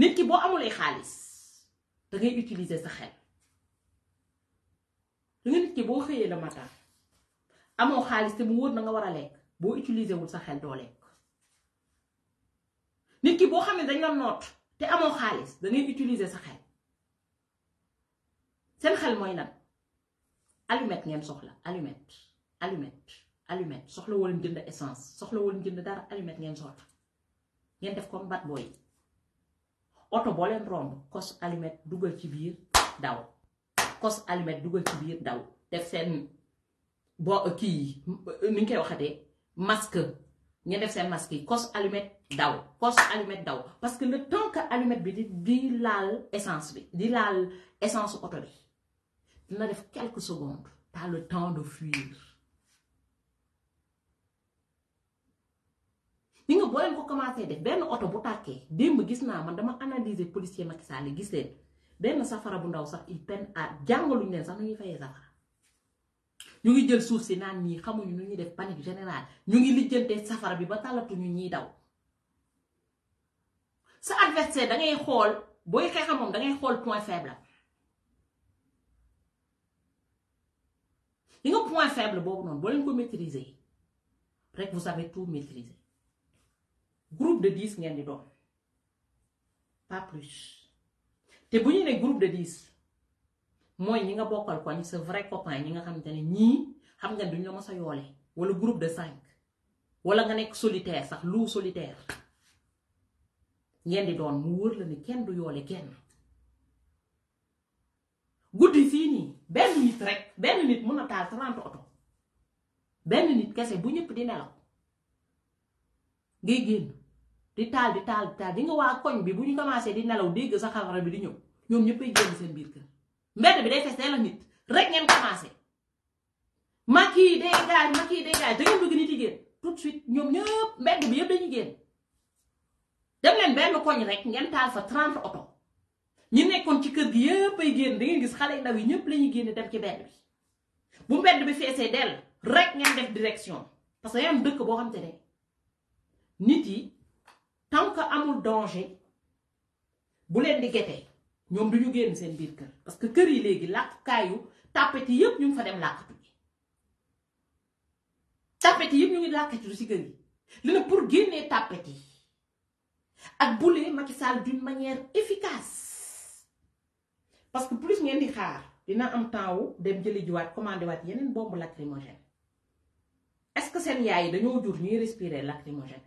nit ki boo amulee xaalis da ngay utiliser sa xel da nga nit ki boo xëyee le matin amoo xaalis te mu wóor na nga wara lek bo utiliser wul sa xel do lek nit ki boo xam dañ la note te amo xaalis da ngay utiliser sa xel seen xel moy nan allumette ngeen soxla allumette allumette allumette soxla wala jënd essence soxla wala jënd dara allumette ngeen soxla ngeen def comme bat boy auto boo leen romb kos alimet dugal ci bir daw kos alimet dugal ci bir daw def sen bo kii ni ngi waxate masque ñu def sen masque cos alimet daw kos alimet daw parce que le temps que alimet bi di di essence bi di lal essence auto bi dina def quelques secondes t'as le temps de fuir li nga boo ko commencé def ben auto bu Des demb gis man dama analyser policier safara bu ndaw sax il peine à ñu sax ñuy ñu ngi jël nan Nous xamuñu ñu def panique générale ñu ngi Nous safara bi ba ñu ñi daw sa adversaire da ngay mom da ngay xol point faible point faible bobu non bo ko maîtriser rek vous savez tout maîtriser. groupe de 10 ngén di doon pas plus té buñu né groupe de 10 moy ñi nga bokal ko ñi sa vrai copain ñi nga xamante ne ñii xam nga duñ la mësa yolé wala groupe de 5 wala nga nek solitaire sax lu solitaire ngén di doon mu wër la ne kenn du yolé kenn goudi fi ni ben nit rek ben nit mëna ta 30 auto ben nit kessé bu ñëpp di nelaw ngay génn di taal di taal di taal di nga waa koñ bi bu ñu commencé di nelaw dégg sa xarala bi di ñëw ñoom ñëppay génn seen biir kër mbedd bi day fees day la nit rek ngeen commencé makk yi day gaaj makk yi day gaaj da nit yi génn tout suite ñoom ñëpp mbedd bi yëpp dañuy génn dem leen benn koñ rek ngeen taal fa 30 oto ñi nekkoon ci kër gi yëpp ay da ngeen gis xale ndaw yi ñëpp la ñuy génn dem ci mbedd bi bu mbedd bi feesee dell rek ngeen def direction parce que yam dëkk boo xam te ne nit yi. tant que amul danger bu len di getee ñom duñu ñu sen biir kër parce que kër yi légui làqukaayu kayu tapeti yëpp ñu fa dem làqatu ji tàppet yi ñu ngi làqatu ci kër yi li pour génnee tapeti ak bulee Macky Sall d'une manière efficace parce que plus ngeen di xaar dina am temps wu dem jëli jiwaat commandé waat yeneen bombe lacrymogène est-ce que sen yaay dañoo jur ñuy respirer lacrymogène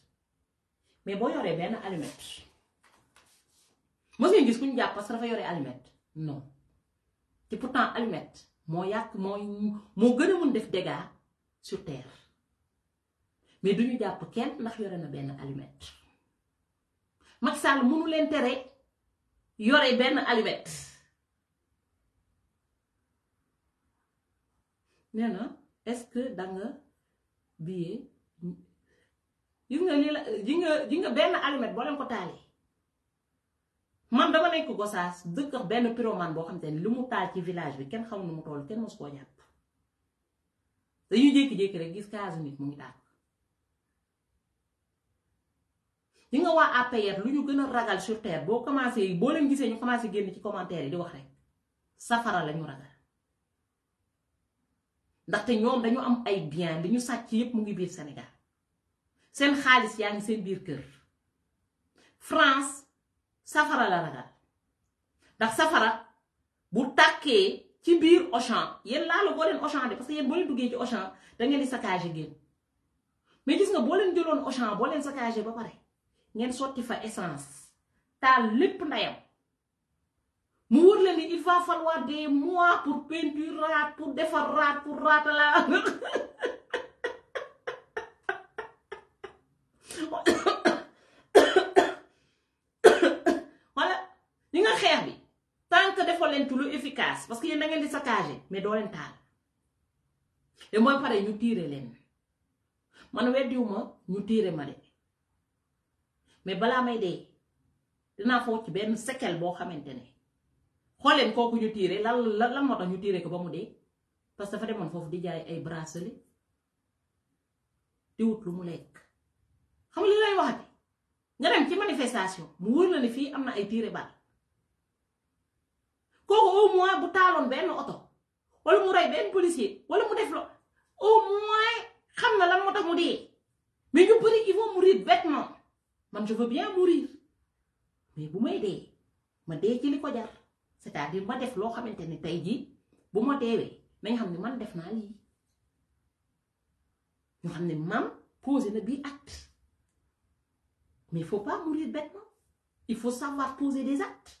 mais boo yoree ben allumette mos ngeen gis kuñu japp jàpp parce que dafa yoré allumette non te pourtant allumette mo yak mo mo gëna a def dégâts sur terre mais duñu japp jàpp kenn ndax yore na ben allumette Macky Sall mënu leen tere yoré ben allumette nee est-ce que da nga billet gis nga lii la ji nga ji nga benn allumette boo leen ko taalee man dama nekk Gossas dëkk benn pyromane boo xam te ne li mu taal ci village bi kenn xamul nu mu toll kenn mosu koo jàpp dañuy jékki-jékki rek gis kaasu nit mu ngi tàkk yi nga waa APR lu ñu gën a ragal sur boo commencé boo leen gisee ñu commencé génn ci commentaire yi di wax rek safara lañu ragal ndaxte ñoom dañu am ay bien li ñu sàcc yépp mu ngi biir Sénégal sen xaliss yaa ngi seen biir France safara la ragal ndax safara bu takke ci biir Auchan yéen la boo leen Auchan de parce que yeen bo len duggee ci Auchan da ngeen di saccagé génn mais gis nga bo len jëloon Auchan bo len saccagé ba pare ngeen soti fa essence taal lépp ndayam mu wóor la ni il va falloir des mois pour peinturer pour défarrer pour ratala denc lu efficace parce que yéen da ngeen di saccagé mais doo leen taal te mooy pare ñu tiire len man weddiwuma ñu tiire ma de mais bala may dé dina foog ci benn sequel bo xamante xolén koku ñu tiire lan lan lan tax ñu tiire ko ba mu dee parce que dafa demoon fofu di jaay ay bracelet di wut lu mu lek xam li lay waxati nga dem ci manifestation mu wóor la ne fi amna ay tiire bal au moins bu ben auto wala mu rey policier wala mu def lo au moins xam lan mu mais ñu bari ils vont mourir bêtement man je veux bien mourir mais bu may dé ma dé ci jar c'est-à-dire ma def lo xamanteni ne ji bu ma deewee nañ xam ne man def na li ñu xam ne na mais faut pas mourir bêtement il faut savoir poser des actes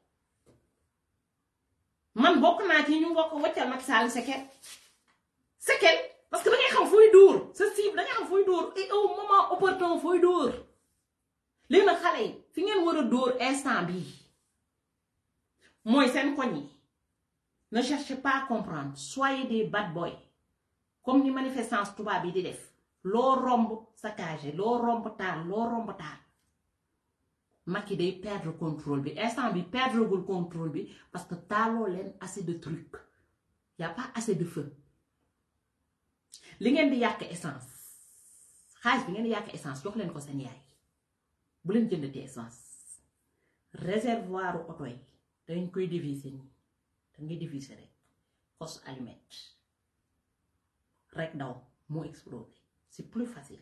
man bok na ci ñu bokk waccal Macky Sall parce que da ngay xam fuy dóor sa cible da ngay xam fuy dóor et au moment opportun fuy dóor léegi nag xale fi ngeen wara a instant bi moy sen koñ ne cherchez pas à comprendre soyez des bad boy comme ni manifestance tuba bi di def lo romb cage lo romb taal lo romb day perdre contrôle bi instant bi le contrôle parce que taaloo len assez de Il y a pas assez de feu li ngeen di essence Il essence jox len ko essence réservoir yi dañ koy diviser diviser rek rek c'est plus facile.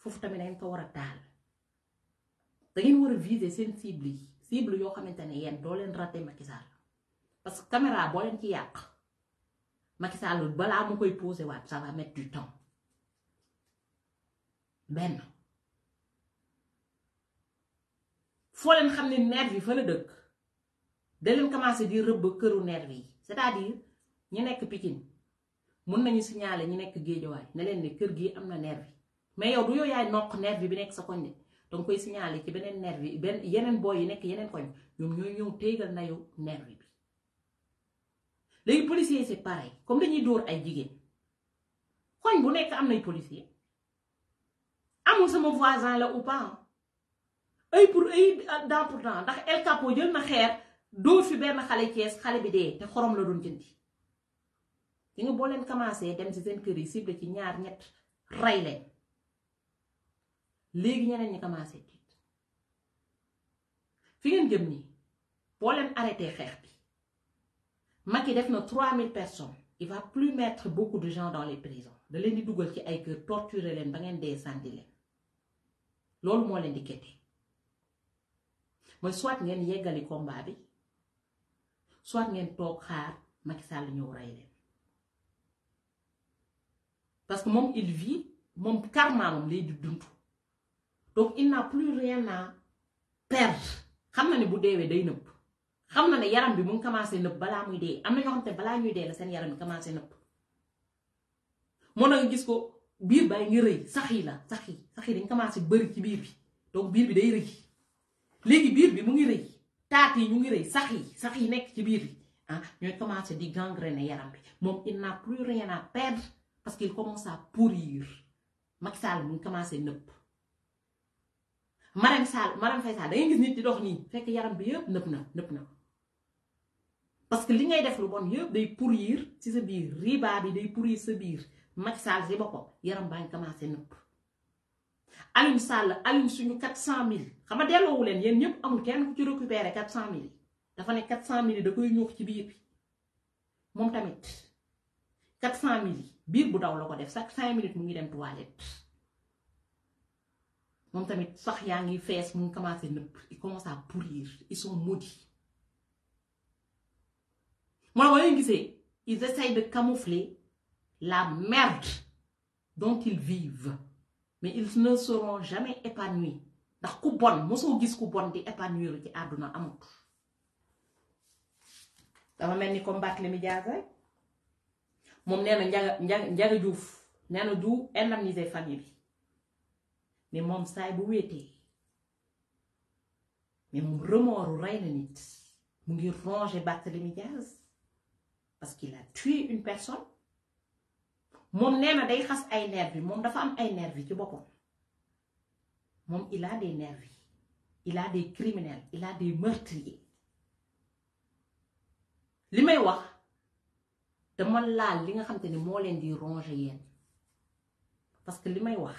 foofu tamit dañ ko war a taal da ngeen war a viser seen cible yi cible yoo xamante ne yéen doo leen raté Macky Sall parce que caméra boo leen ci yàq Macky Sall balaa mu koy pose waat ça va mettre du temps benn foo leen xam ne nerf yi fa la dëkk da leen commencé di rëbb këru nerf yi c'est-à-dire ñi nekk Pikine mun nañu signaler ñu nekk Géejawaay ne leen ne kër gi am na nerf yi mais yow du yow yaay noq nervi bi nekk sa koñ de danga koy signaler ci beneen nervi benn yeneen boy yi nekk yeneen koñ ñoom ñooy ñëw téegal nayu nervi bi léegi policier c'est pareil comme dañuy dóor ay jigéen koñ bu nekk am nay policier amul sama voisin la ou pas ay pour ay dans pour temps ndax El Capo jël na xeer dóor fi benn xale Cees xale bi dee te xorom la doon jëndi di nga boo leen commencé dem si seen kër yi cible ci ñaar ñett rey léegi ñeneen ñi commencé tiit fi ngeen jëm nii boo arrêté xeex bi Macky def na 3000 personnes il va plus mettre beaucoup de gens dans les prisons da leen di dugal ci ay kër torturer leen ba ngeen dee sànni leen loolu moo leen di kette mooy soit ngeen yeggali combat bi soit ngeen toog xaar Macky Sall ñëw rey leen parce que moom il vit moom karma moom lay di dund. donc il n'a plus rien à perdre xam na ne bu déwé day neub xam na ne yaram bi mu ngi commencé neub bala muy dé am na ñoo xamanté bala ñuy dé la seen yaram bi commencé neub mo na nga gis ko biir bay ngi reuy saxi la saxi saxi dañ commencé bëri ci biir bi donc biir bi day reuy légui biir bi mu ngi reuy taat ñu ngi reuy saxi saxi sax nekk ci biir bi ah ñooy commencé di gangrener yaram bi mom il n'a plus rien à perdre parce qu'il commence à pourrir Macky Sall mu ngi commencé neub Madame Sall madame Faye da ngay gis nit di dox ni fekk yaram bi na parce que li ngay def lu bon day pourrir si sa riba bi day pourrir sa biir Macky Sall si boppam yaram baa ngi commencé nëpp. Alioune Sall Alioune suñu 400000 xam nga leen yéen ñëpp amul kenn ku ci récupéré 400000 dafa ne da koy ñuux ci biir bi moom tamit 400000 biir bu 5 minutes mu ngi dem toilette. Ils commencent sax ngi mu il commence à pourrir ils sont maudits ils essayent de camoufler la merde dont ils vivent mais ils ne seront jamais épanouis ndax ku ne seront gis ku bon di épanouir ci épanouis. Ils ne seront combattre épanouis. médias ne seront Ndiaga Ndiaga Diouf épanouis. famille mais mon saay bu mon mais moom remordu rey na nit mu ngi ronger Barthélemy Diaz parce qu'il a tué une personne moom nee na day xas ay nervi moom dafa am ay nervi ci boppam moom il a des nervis il a des criminels il a des meurtriers li may wax dama laal li nga xam te ne moo leen di ronger parce que li may wax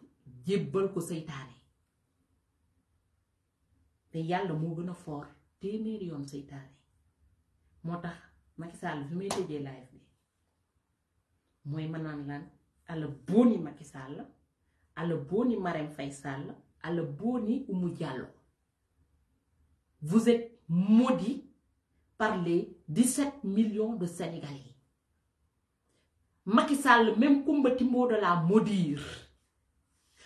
jébbal ko seytane te yàlla moo gën a foor téeméeri yoon seytaane moo tax Macky Sall fi may tëjee live bi moy ma naan lan ala boni Macky Sall ala boni Marème Faye Sall ala boni Oumou Diallo vous êtes maudits par les 17 millions de Sénégalais Macky Sall même Koumba Timbo de la maudire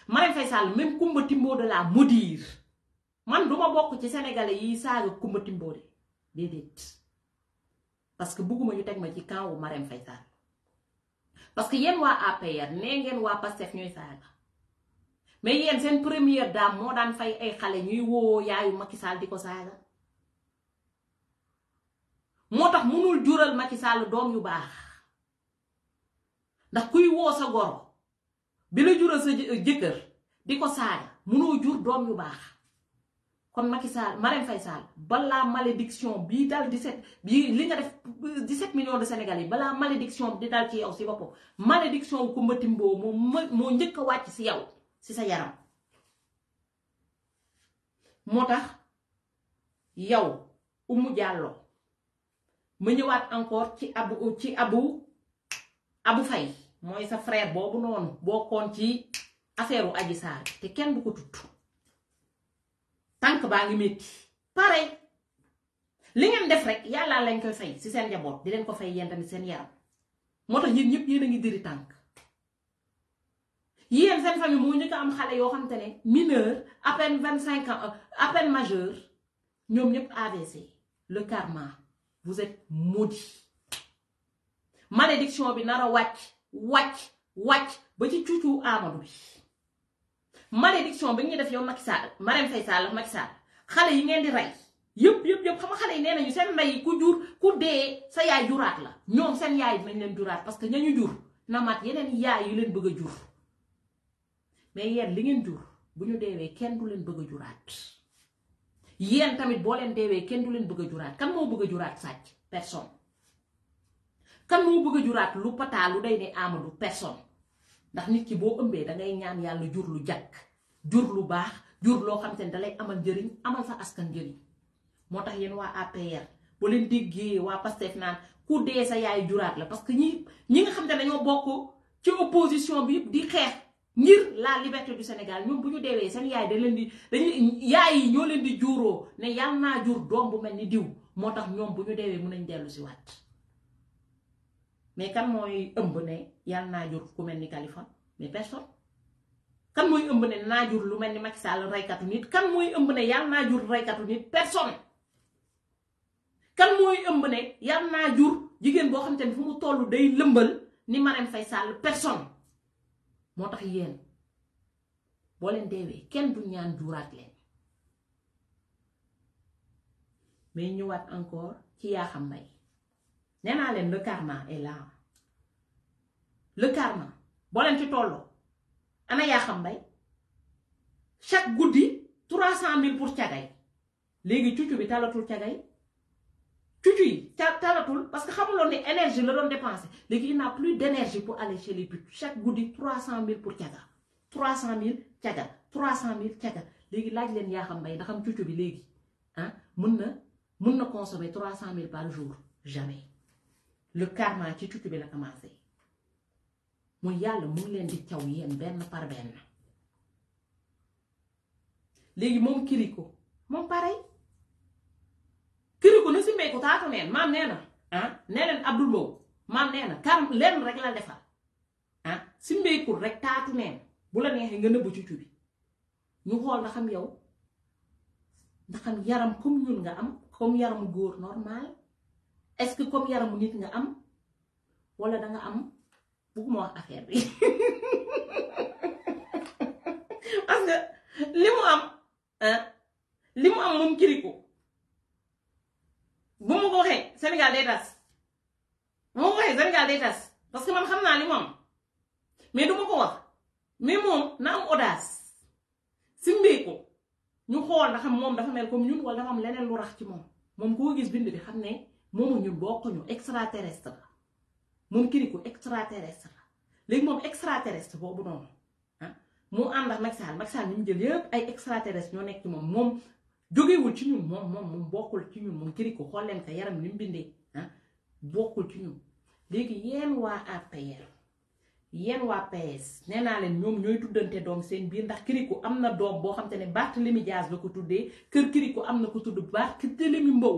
Marième Faye Sall même Kumba Timbo de la maudire man duma bokk ci sénégalais yi saaga Kumba Timbo de déedéet parce que bugguma ñu teg ma ci camp ma Marième Faye Sall parce que yéen waa APR nee ngeen waa Pastef ñooy saaga mais yéen seen première daam moo daan fay ay xale ñuy woo yaayu Macky Sall di ko saaga moo tax mënul jural Macky Sall doom yu baax ndax kuy woo sa goro bi la jural sa jëkkër di ko saaga mënoo jur doom yu baax kon Macky Sall Marème Faye Sall balaa malédiction bii dal 17 bii li nga def 17 millions de Sénégalais yi balaa malédiction di dal ci yow si boppam malédiction Coumba Timbo moo moo njëkk a wàcc si yow si sa yaram moo tax yow Oumou jàlloo ma ñëwaat encore ci abu ci abu abu Faye moy sa frère bobu non bokon ci affaire aji sar te ken du ko tank pareil li ngeen def rek yalla lañ koy fay ci sen di len ko fay tamit yaram motax ñepp ngi diri famille mo ñu ko am mineur à peine 25 ans euh, à peine majeur ñom ñepp AVC le karma vous êtes maudit malédiction bi wàcc wàcc ba ci cuucu Amadou bi malédiction bi ñu def yow Macky Sall Marème Faye Sall Macky Sall xale yi ngeen di rey yëpp yëpp xam xale yi nee nañu seen mbay ku jur ku dee sa yaay juraat la ñoom seen yaay dinañ leen juraat parce que ñañu jur namaat yeneen yaay yu leen bëgg a jur mais yéen li ngeen jur bu ñu deewee kenn du leen bëgg a juraat yéen tamit boo leen deewee kenn du leen bëgg a juraat kan moo bëgg a juraat sàcc personne kan moo bëgg juraat lu pataalu day ne Amadou personne ndax nit ki boo ëmbee da ngay ñaan yàlla jur lu jàkk jur lu baax jur loo xam te ne dalay amal njëriñ amal fa askan njëriñ moo tax yéen waa APR boo leen déggee waa Pastef naan ku dee sa yaay juraat la parce que ñi ñi nga xam te ne dañoo bokk ci opposition bi di xeex ngir la liberté du Sénégal ñoom bu ñu deewee seen yaay da leen di dañuy yaay yi ñoo leen di juuroo ne yàlla naa jur doom bu mel ni moo tax ñoom bu ñu deewee mën nañ dellu si mais kan moy ëmb ne yal naa jur ku melni khalifa mais personne kan moy ëmb ne lumeni jur lu melni Macky Sall nit kan moy ëmb ne yal naa jur nit personne kan moy ëmb ne yal jigen jur jigéen boo xam te day lëmbal ni maram fay Sall personne motax yeen bo len dewe ken du ñaan juraat len mais wat encore ci ya xam may le karma est là le karma Si bo len ci tolo ana ya xam bay chaque goudi 300 000 pour le un tiagay légui tutu bi talatul tiagay tutu yi talatul parce que xamulon ni énergie le don dépenser légui il n'a plus d'énergie pour aller chez les buts chaque goudi 300 000 pour tiaga 300 000 tiaga 300 000 tiaga un laaj len ya xam bay da xam tutu bi légui hein mën na mën na consommer 300 000 par jour jamais le karma ci cuccu bi la commencé mooy yàlla mu leen di caw yéen benn par benn léegi moom kiriko moom pareil kiriko na si mbéy ko taatu neen maam nee na ah nee leen Abdou Mbow maam nee na kar lenn rek la defal ah, si mbéykul rek taatu neen bu la neexee nga nëbb cuccu bi ñu xool nga yow nga yaram comme ñun nga am comme yaramu góor normal. est-ce que comme yaramu nit nga am wala danga am bëgguma wax affaire bi parce que li mu am li mu am moom kiriku bu mu ko waxee Sénégal day tas bu mu ko waxee Sénégal day tas parce que man xam naa li mu am mais du ma ko wax mais moom na am audace si mbéy ko ñu xool ndax moom dafa mel comme ñun wala dafa am leneen lu rax ci moom moom koo gis bind bi xam ne. moomu ñu bokkuñu extraterrestre la moom kiriku extraterrestre la léegi moom extraterrestre boobu noonu ah moo ànd ak Macky Sall Macky ñu jël yëpp ay extraterrestre ñoo nekk ci moom moom jógewul ci ñun moom moom moom bokkul ci ñun moom kiriku xool leen yaram ni mu bindee ah bokkul ci ñun léegi yenn waa APR yenn waa PS nee naa leen ñoom ñooy tuddante doom seen biir ndax kiriku am na doom boo xam te ne Barthélémy Dias la ko tuddee kër kiriku am na ko tudd Barthélémy Mbow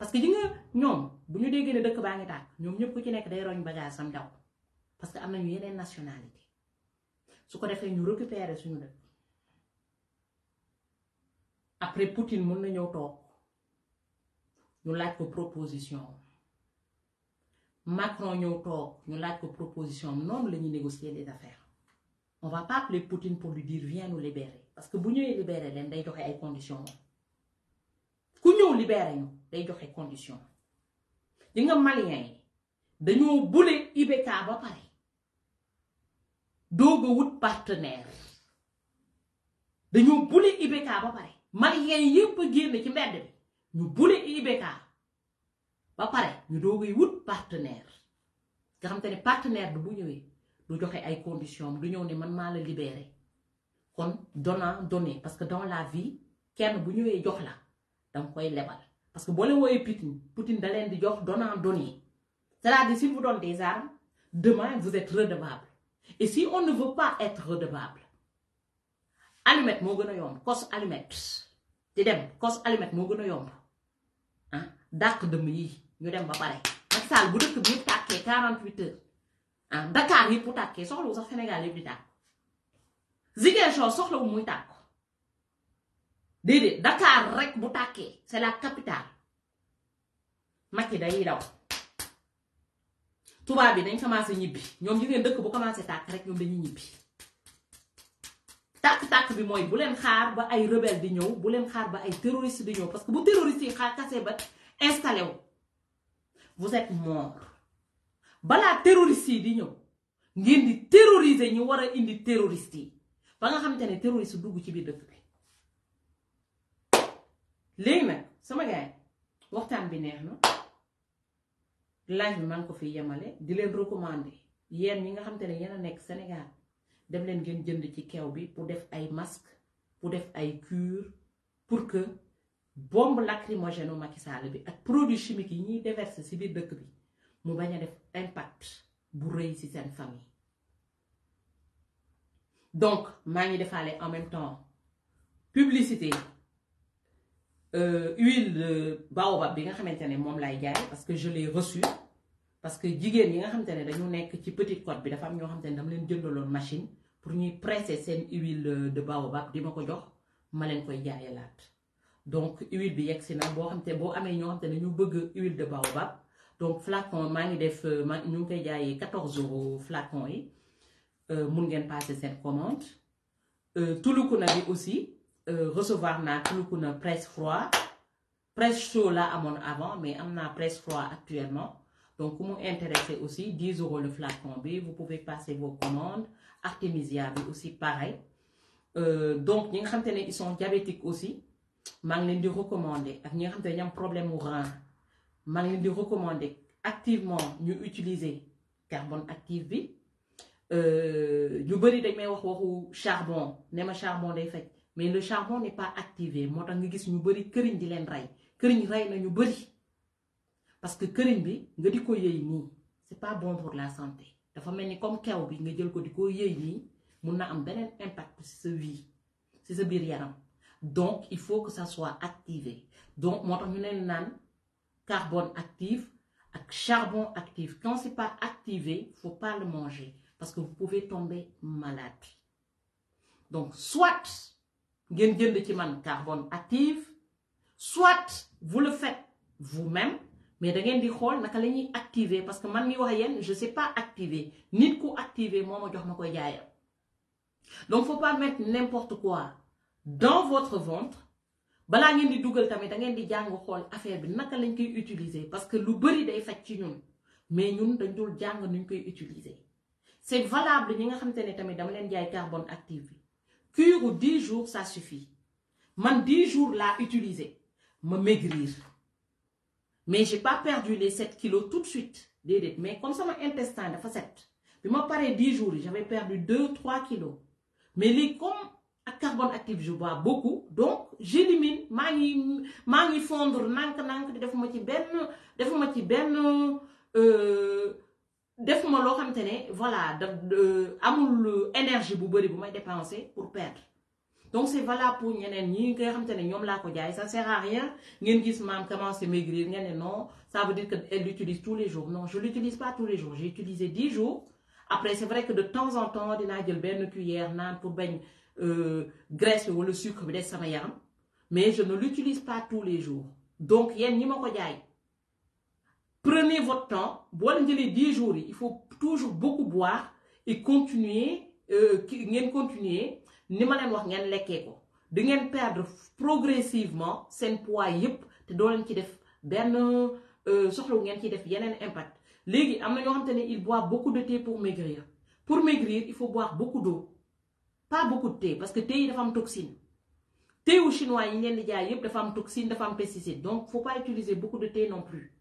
parce que yi ñom buñu bu né dëkk baangi ngi ñom ñoom ñëpp ku ci nekk day roñ bagage sam daw parce que amna ñu yeneen nationalité su ko défé ñu récupérer suñu dëkk après Poutine mën na ñëw tok ñu laaj ko proposition Macron ñëw tok ñu laaj ko proposition non lañu négocier les affaires on va pas appeler Poutine pour lui dire viens nous libérer parce que bu ñëwee libérer lén day joxe ay conditions ku ñëw libérer ñu day joxe condition li nga malien dañoo IBK ba paré y a partenaire dañoo boulé IBK ba paré malien yépp a ci mbedd ñu boulé IBK ba paré ñu y a partenaire nga xam partenaire du bu ñëwé du joxe ay conditions du ñëw ne man libéré kon donnant donné parce que dans la vie kenn bu ñëwee jox la da koy lebal parce que boo leen Poutine Poutine da di jox donnant donné c'est-à-dire s'il vous donne des armes demain vous êtes redevable et si on ne veut pas être redevable allumette mo gëna a yomb kos allumette di dem kos allumette mo gëna a yomb ah dàq dëmm yi ñu dem ba paré Macky Sall bu dëkk bi také 48 heures Hein? Dakar yi pour také soxlawu sax Sénégal yëpp di tàkk Ziguinchor soxlawu muy déedéet dakaar rek bu tàkkee c'est la capitale yi day daw tubaab bi dañ commencé ñibbi ñoom yu ngeen dëkk bu commencé tàkk rek ñoom dañuy ñibbi tàkk-tàkk bi mooy bu leen xaar ba ay rebelle di ñëw bu leen xaar ba ay terroriste di ñëw parce que bu terroriste yi xaar kase ba installé wu vous êtes mort balaa terroriste yi di ñëw ngeen di terroriser ñu war a indi terroriste yi ba nga xamante ne terroriste dugg ci biir dëkk léegi sama gars waxtaan bi neex na live bi maa ngi ko fi yemale di leen recommander yéen ñi nga xam te ne yéen a nekk Sénégal dem leen ngeen jënd ci keew bi pour def ay masque pour def ay cure pour que bombe lacrymogène Macky Sall bi ak produits chimiques yi ñuy déverser ci biir dëkk bi mu bañ a def impact bu rëy ci seen famille donc maa ngi defaale en même temps publicité euh, huile de baobab bi nga xamantene mom lay jaay parce que je l'ai reçu parce que jigéen yi nga xamantene dañu nek ci Petite Côte bi dafa am ño xamantene ne dama leen jëndaloon machine pour ñuy presser sen huile euh, de baobab dima ko jox ma leen koy jaayalaat donc huile bi yegg si na bo xamante boo amee ñoo xamante ñu bëgg huile de baobab donc flacon maa ngi def euh, ma ñu ngi koy 14 euros flacon yi mun ngeen passer cette commande tuluku na bi aussi. Euh, recevoir na Kulukuna presse froid presse chaud à mon avant mais on presse froid actuellement donc vous m'intéressez intéressé aussi 10 euros le flacon b vous pouvez passer vos commandes Artemisia aussi pareil euh, donc ils sont diabétiques aussi je de recommander à ñi nga problème au rein je vous recommander activement d'utiliser utiliser carbone actif bi euh, ñu bëri dañ may wax waxu charbon néma pas charbon day mais le charbon n'est pas activé moo tax nga gis ñu bari kërign di len ray kërign ray na ñu bëri parce que kërign bi nga diko ko ni c'est pas bon pour la santé dafa melni comme kew bi nga jël ko diko ko yëy na am benen impact ci sa vie ci sa biir yaram donc il faut que ça soit activé donc moo ñu leen naan carbone actif ak charbon actif quand c'est pas activé faut pas le manger parce que vous pouvez tomber malade donc soit ci man carbone active soit vous le faites vous-même mais da ngeen di xol naka lañuy activer parce que man mi wax je sais pas activer nit ko activer moma jox quoi koy donc faut pas mettre n'importe quoi dans votre ventre bala ngeen di dougal tamit da ngeen di jang xol affaire bi naka lañ koy utiliser parce que lu bëri day ci ñun mais ñun dañ dul jàng nuñ koy utiliser c'est valable ñi nga xamante ne tamit dama leen jaay carbone active cure ou 10 jours ça suffit man 10 jours là, utiliser me maigrir mais j'ai pas perdu les 7 kilos tout de suite mais comme ça, mon intestin la facette. bi ma 10 jours j'avais perdu 2 3 kilos mais les comme à carbone actif je bois beaucoup donc j'élimine fondre, je maa ngi fondre nank-nank je ci benn defuma ci benn euh, defuma mon xamante ne voilà daf amul énergie bu bëri bu may dépenser pour perdre donc c'est voilà valable pour ñeneen ñi nga xamante ne ñoom la ko jaay ça sert à rien ngeen gis maam commencé maigrir ngeen non ça veut dire que elle l'utilise tous les jours non je l'utilise pas tous les jours j'ai utilisé 10 jours après c'est vrai que de temps en temps dina jël une cuillère naan pour bañ euh, graisse ou le sucre bi des sama mais je ne l'utilise pas tous les jours donc yéen a ni mon jaay Prenez votre temps. Boire 10 jours, il faut toujours beaucoup boire et continuer. Euh, continuer ne ma wax ngeen lekkee ko di perdre progressivement sen poids yep, te do len ci def euh soxlo ngeen ci def yenen impact Légui amna ñoo il boit beaucoup de thé pour maigrir pour maigrir il faut boire beaucoup d'eau pas beaucoup de thé parce que thé yi dafa am toxine thé ou chinois yi ngeen di jaay dafa am toxine dafa am pesticide donc faut pas utiliser beaucoup de thé non plus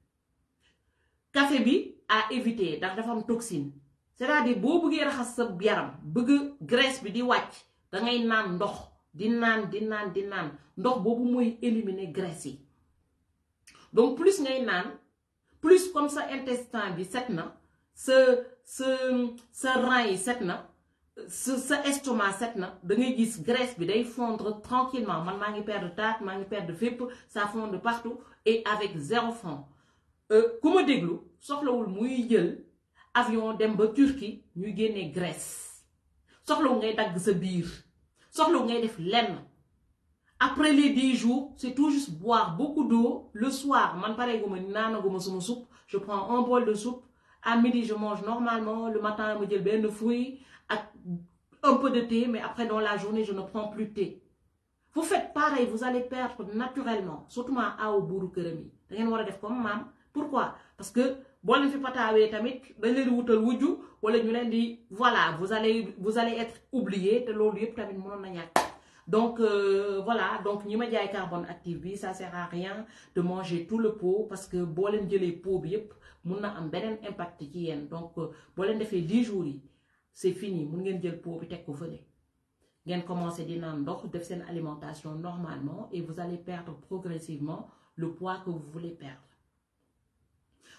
café bi à éviter ndax dafa am toxine c'est-à-dire bo bëggé raxas sa yaram bëgg graisse bi di wacc da ngay naan ndox di naan di naan di naan ndox bobu moy éliminer graisse yi donc plus ngay naan plus comme sa intestin bi set na ce sa sa rein yi set na estomac set na da ngay gis graisse bi day fondre tranquillement man maa ngi perdre taat maa ngi perdre fep ça fond de partout et avec zéro fond comme euh, ma déglu soxlawul muy jël avion dem ba Turquie ñu génnee Grèce soxlawu ngay dag sa biir soxlawu ngay def lenn après les 10 jours c'est tout juste boire beaucoup d'eau le soir man pareeguma nanaguma suma soupe je prends un bol de soupe à midi je mange normalement le matin je jël benn fruit ak un peu de thé mais après dans la journée je ne prends plus thé vous faites pareil vous allez perdre naturellement surtout à au bourreau que le da ngeen def comme maman pourquoi parce que si vous fi pas tamit dañ voilà vous allez vous allez être oublié de loolu donc euh, voilà donc ni ma jaay carbone active ça sert à rien de manger tout le pot parce que boo leen jëlee pot bi yëpp mun un am impact ci est donc si euh, vous defee 10 jours c'est fini Vous ngeen jël pot bi teg ko fële ngeen commencer di naan ndox def une alimentation normalement et vous allez perdre progressivement le poids que vous voulez perdre.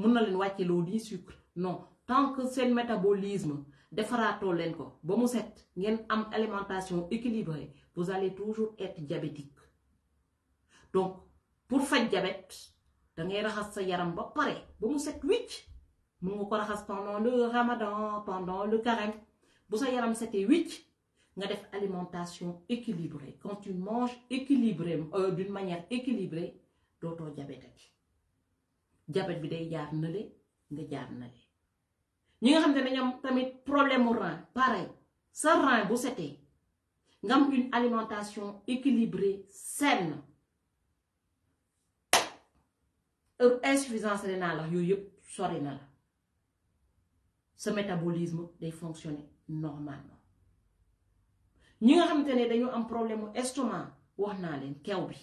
mun na leen wàcce loo di sucre non tant que le métabolisme defaraatoo leen ko ba mu set ngeen am alimentation équilibrée vous allez toujours être diabétique donc pour faire diabète da ngay raxas sa yaram ba pare ba mu set wicc mun nga ko raxas pendant le ramadan pendant le carême bu sa yaram setee wicc nga def alimentation équilibrée quand tu manges équilibré euh, d'une manière équilibrée dootoo diabétique diabète bi day jaar na nga jaar avons des ñi nga xam ne dañu tamit problème mu rein pareil sa rein bu setee nga am une alimentation équilibrée saine insuffisance rénale la yooyu yëpp sori na la métabolisme day fonctionner normalement ñi nga xamante ne dañu am problème estomac wax naa leen kew bi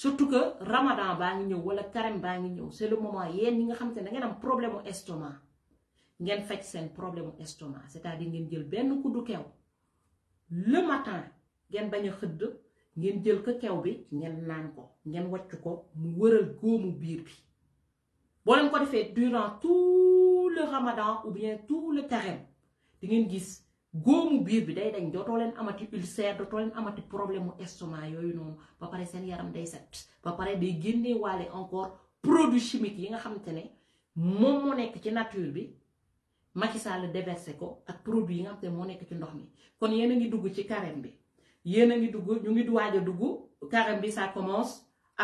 surtout que ramadan baa ngi ñëw wala carême baa ngi c'est le moment yéen ñi nga xamante ne da ngeen am problème mu estomac ngeen faj sen problème mu estomac c'est-à-dire ngeen jël ben kuddu kew le matin ngeen baña xëdd ngeen jël ko kew bi ngeen nan ko ngeen wàcc ko mu wëral goomu biir bi Bo len ko defee durant tout le ramadan ou bien tout le carême di ngeen gis gomu biir bi day dañ dootoo leen amati ulcère dootoo leen amati problème estomac yooyu noonu ba pare seen yaram day set ba pare day génnee waale encore produit chimique yi nga xamante ne moom moo nekk ci nature bi Macky Sall déversé ko ak produit yi nga xamante ne moo nekk ci ndox mi kon yéen a ngi dugg ci carême bi yéen a ngi dugg ñu ngi waaj a dugg carême bi ça commence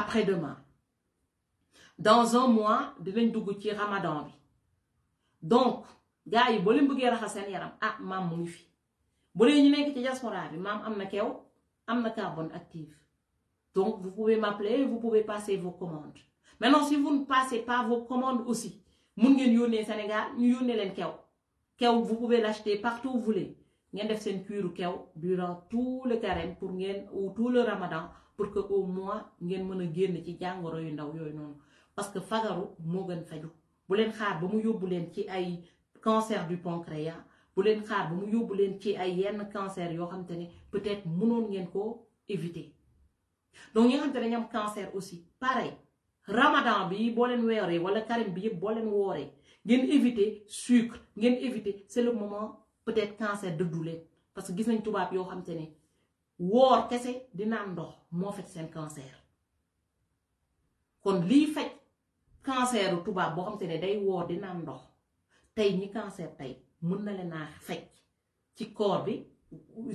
après demain dans un mois dinañ dugg ci ramadan bi donc gaa yi boo leen bëggee raxas seen yaram ah maam mu ngi fi bu dee ñu nekk ci diaspora bi maam am na kew am na carbone active donc vous pouvez m'appeler vous pouvez passer vos commandes maintenant si vous ne passez pas vos commandes aussi mun ngeen yónnee Sénégal ñu yónnee leen kew kew vous pouvez l'acheter partout où vous voulez ngeen def seen cuiru kew durant tout le carême pour ngeen ou tout le ramadan pour que au moins ngeen mën a génn ci jàngoro yu ndaw yooyu noonu parce que fagaru moo gën faju bu leen xaar ba mu yóbbu leen ci ay cancer du pancréas vous leen xaar ba mu yóbbu ci ay yenn cancer yo xam peut-être mënoon ngeen ko éviter donc ñi nga ñam cancer aussi pareil ramadan bi bo len weeree wala karim bi bo len woré ngeen éviter sucre ngeen éviter c'est le moment peut-être cancer de leen parce que gis nañ tubaab yo xam te kessé kese di naan ndox mo c'est un cancer kon li fait cancer tubaab bo xam day woor di ndox tay ñi cancer tay mën na ci corps bi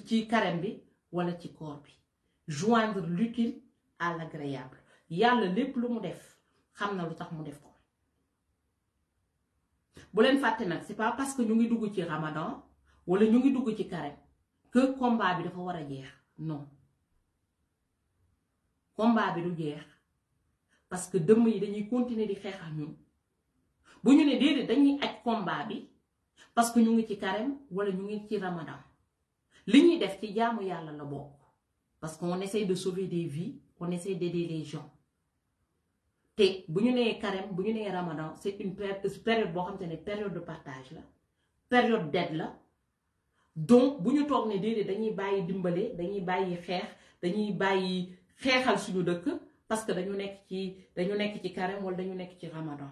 ci carême bi wala corps joindre l'utile à l'agréable yalla lu mu def mu def ko c'est pas parce que ñu ngi dugg ci ramadan wala ñu ngi dugg ci carême que combat bi dafa guerre a non combat bi du guerre, parce que demain, yi dañuy continuer di faire ak bu ñu ne déedéet dañuy acc combat bi parce que ñu ngi ci carême wala ñu ngi ci ramadan li ñuy def ci jaamu yalla la bokk parce que on essaie de sauver des vies on essaie d'aider les gens té bu ñu carême bu ñu ramadan c'est une période boo xam te ne période de partage la période d'aide la donc bu ñu toog ne déedéet dañuy bayyi dimbalé dañuy bayyi xeex dañuy bayyi xeexal suñu dëkk parce que dañu nekk ci dañu nekk ci carême wala dañu nekk ci ramadan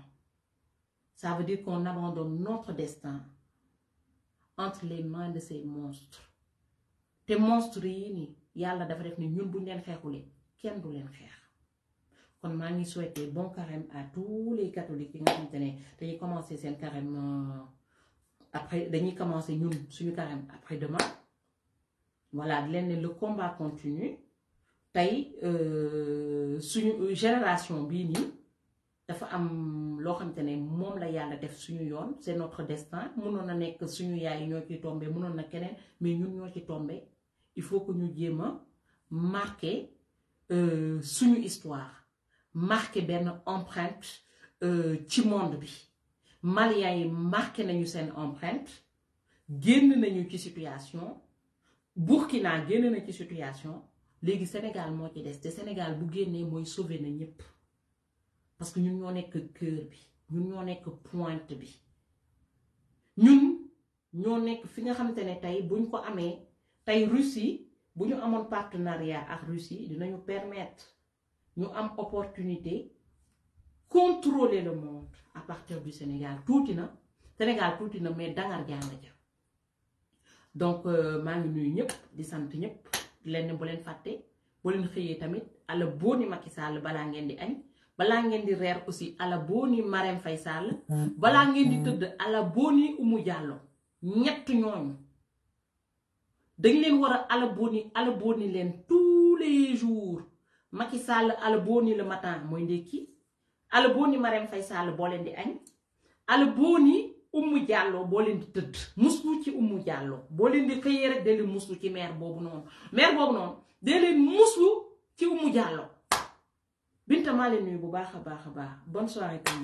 ça veut dire qu'on abandonne notre destin entre les mains de ces monstres Tes monstres il y a dafa def ni ñun buñ faire. Qui kenn du leen faire? kon maa bon carême à tous les catholiques qui nous xamante ne commencé commencer carême euh, après commencer ñun suñu carême après demain voilà le combat continue tey euh, suñu génération Bini, dafa am loo xamante ne moom la yàlla def suñu yoon c'est notre destin mënoon na nekk suñu yaay ñoo ci tombé mënoon na keneen mais ñun ñoo ci tombé il faut que ñu jéem a marqué euh, suñu histoire marqué benn empreinte euh, ci monde bi Mali yi marqué nañu seen empreinte génn nañu ci situation Burkina génn na ci situation léegi Sénégal moo ci des te Sénégal bu génnee mooy sauvé na ñëpp parce que ñun ñoo nekk cœur bi ñun ñoo nekk pointe bi ñun ñoo nekk fi nga xamante ne tey buñ ko amé tey Russie bu ñu amoon partenariat ak Russie dinañu permettre ñu am opportunité contrôler le monde à partir du Sénégal tuuti na Sénégal tuuti na mais dans jàng donc euh, maa nous, nuyu ñëpp di sant ñëpp leen bu leen fàtte bu leen xëyee tamit ala boo ni Macky Sall balaa ngeen di balaa ngeen di reer aussi ala booni Marème Faye Sall ah, ah, balaa ngeen di ah. tëdd ala booni Oumou Diallo ñett ñooñu dañ leen war a ala booni leen tous les jours Macky Sall ala booni matin mooy ndékki ala booni Marème Faye Sall boo leen di añ ala booni Oumou boo leen di tëdd muslu ci Oumou Diallo boo leen di xëyee rek dee leen muslu ci maire boobu noonu maire boobu noonu dee leen muslu ci Oumou Diallo Binta maa leen bu baax a baax a baax bonne soirée tout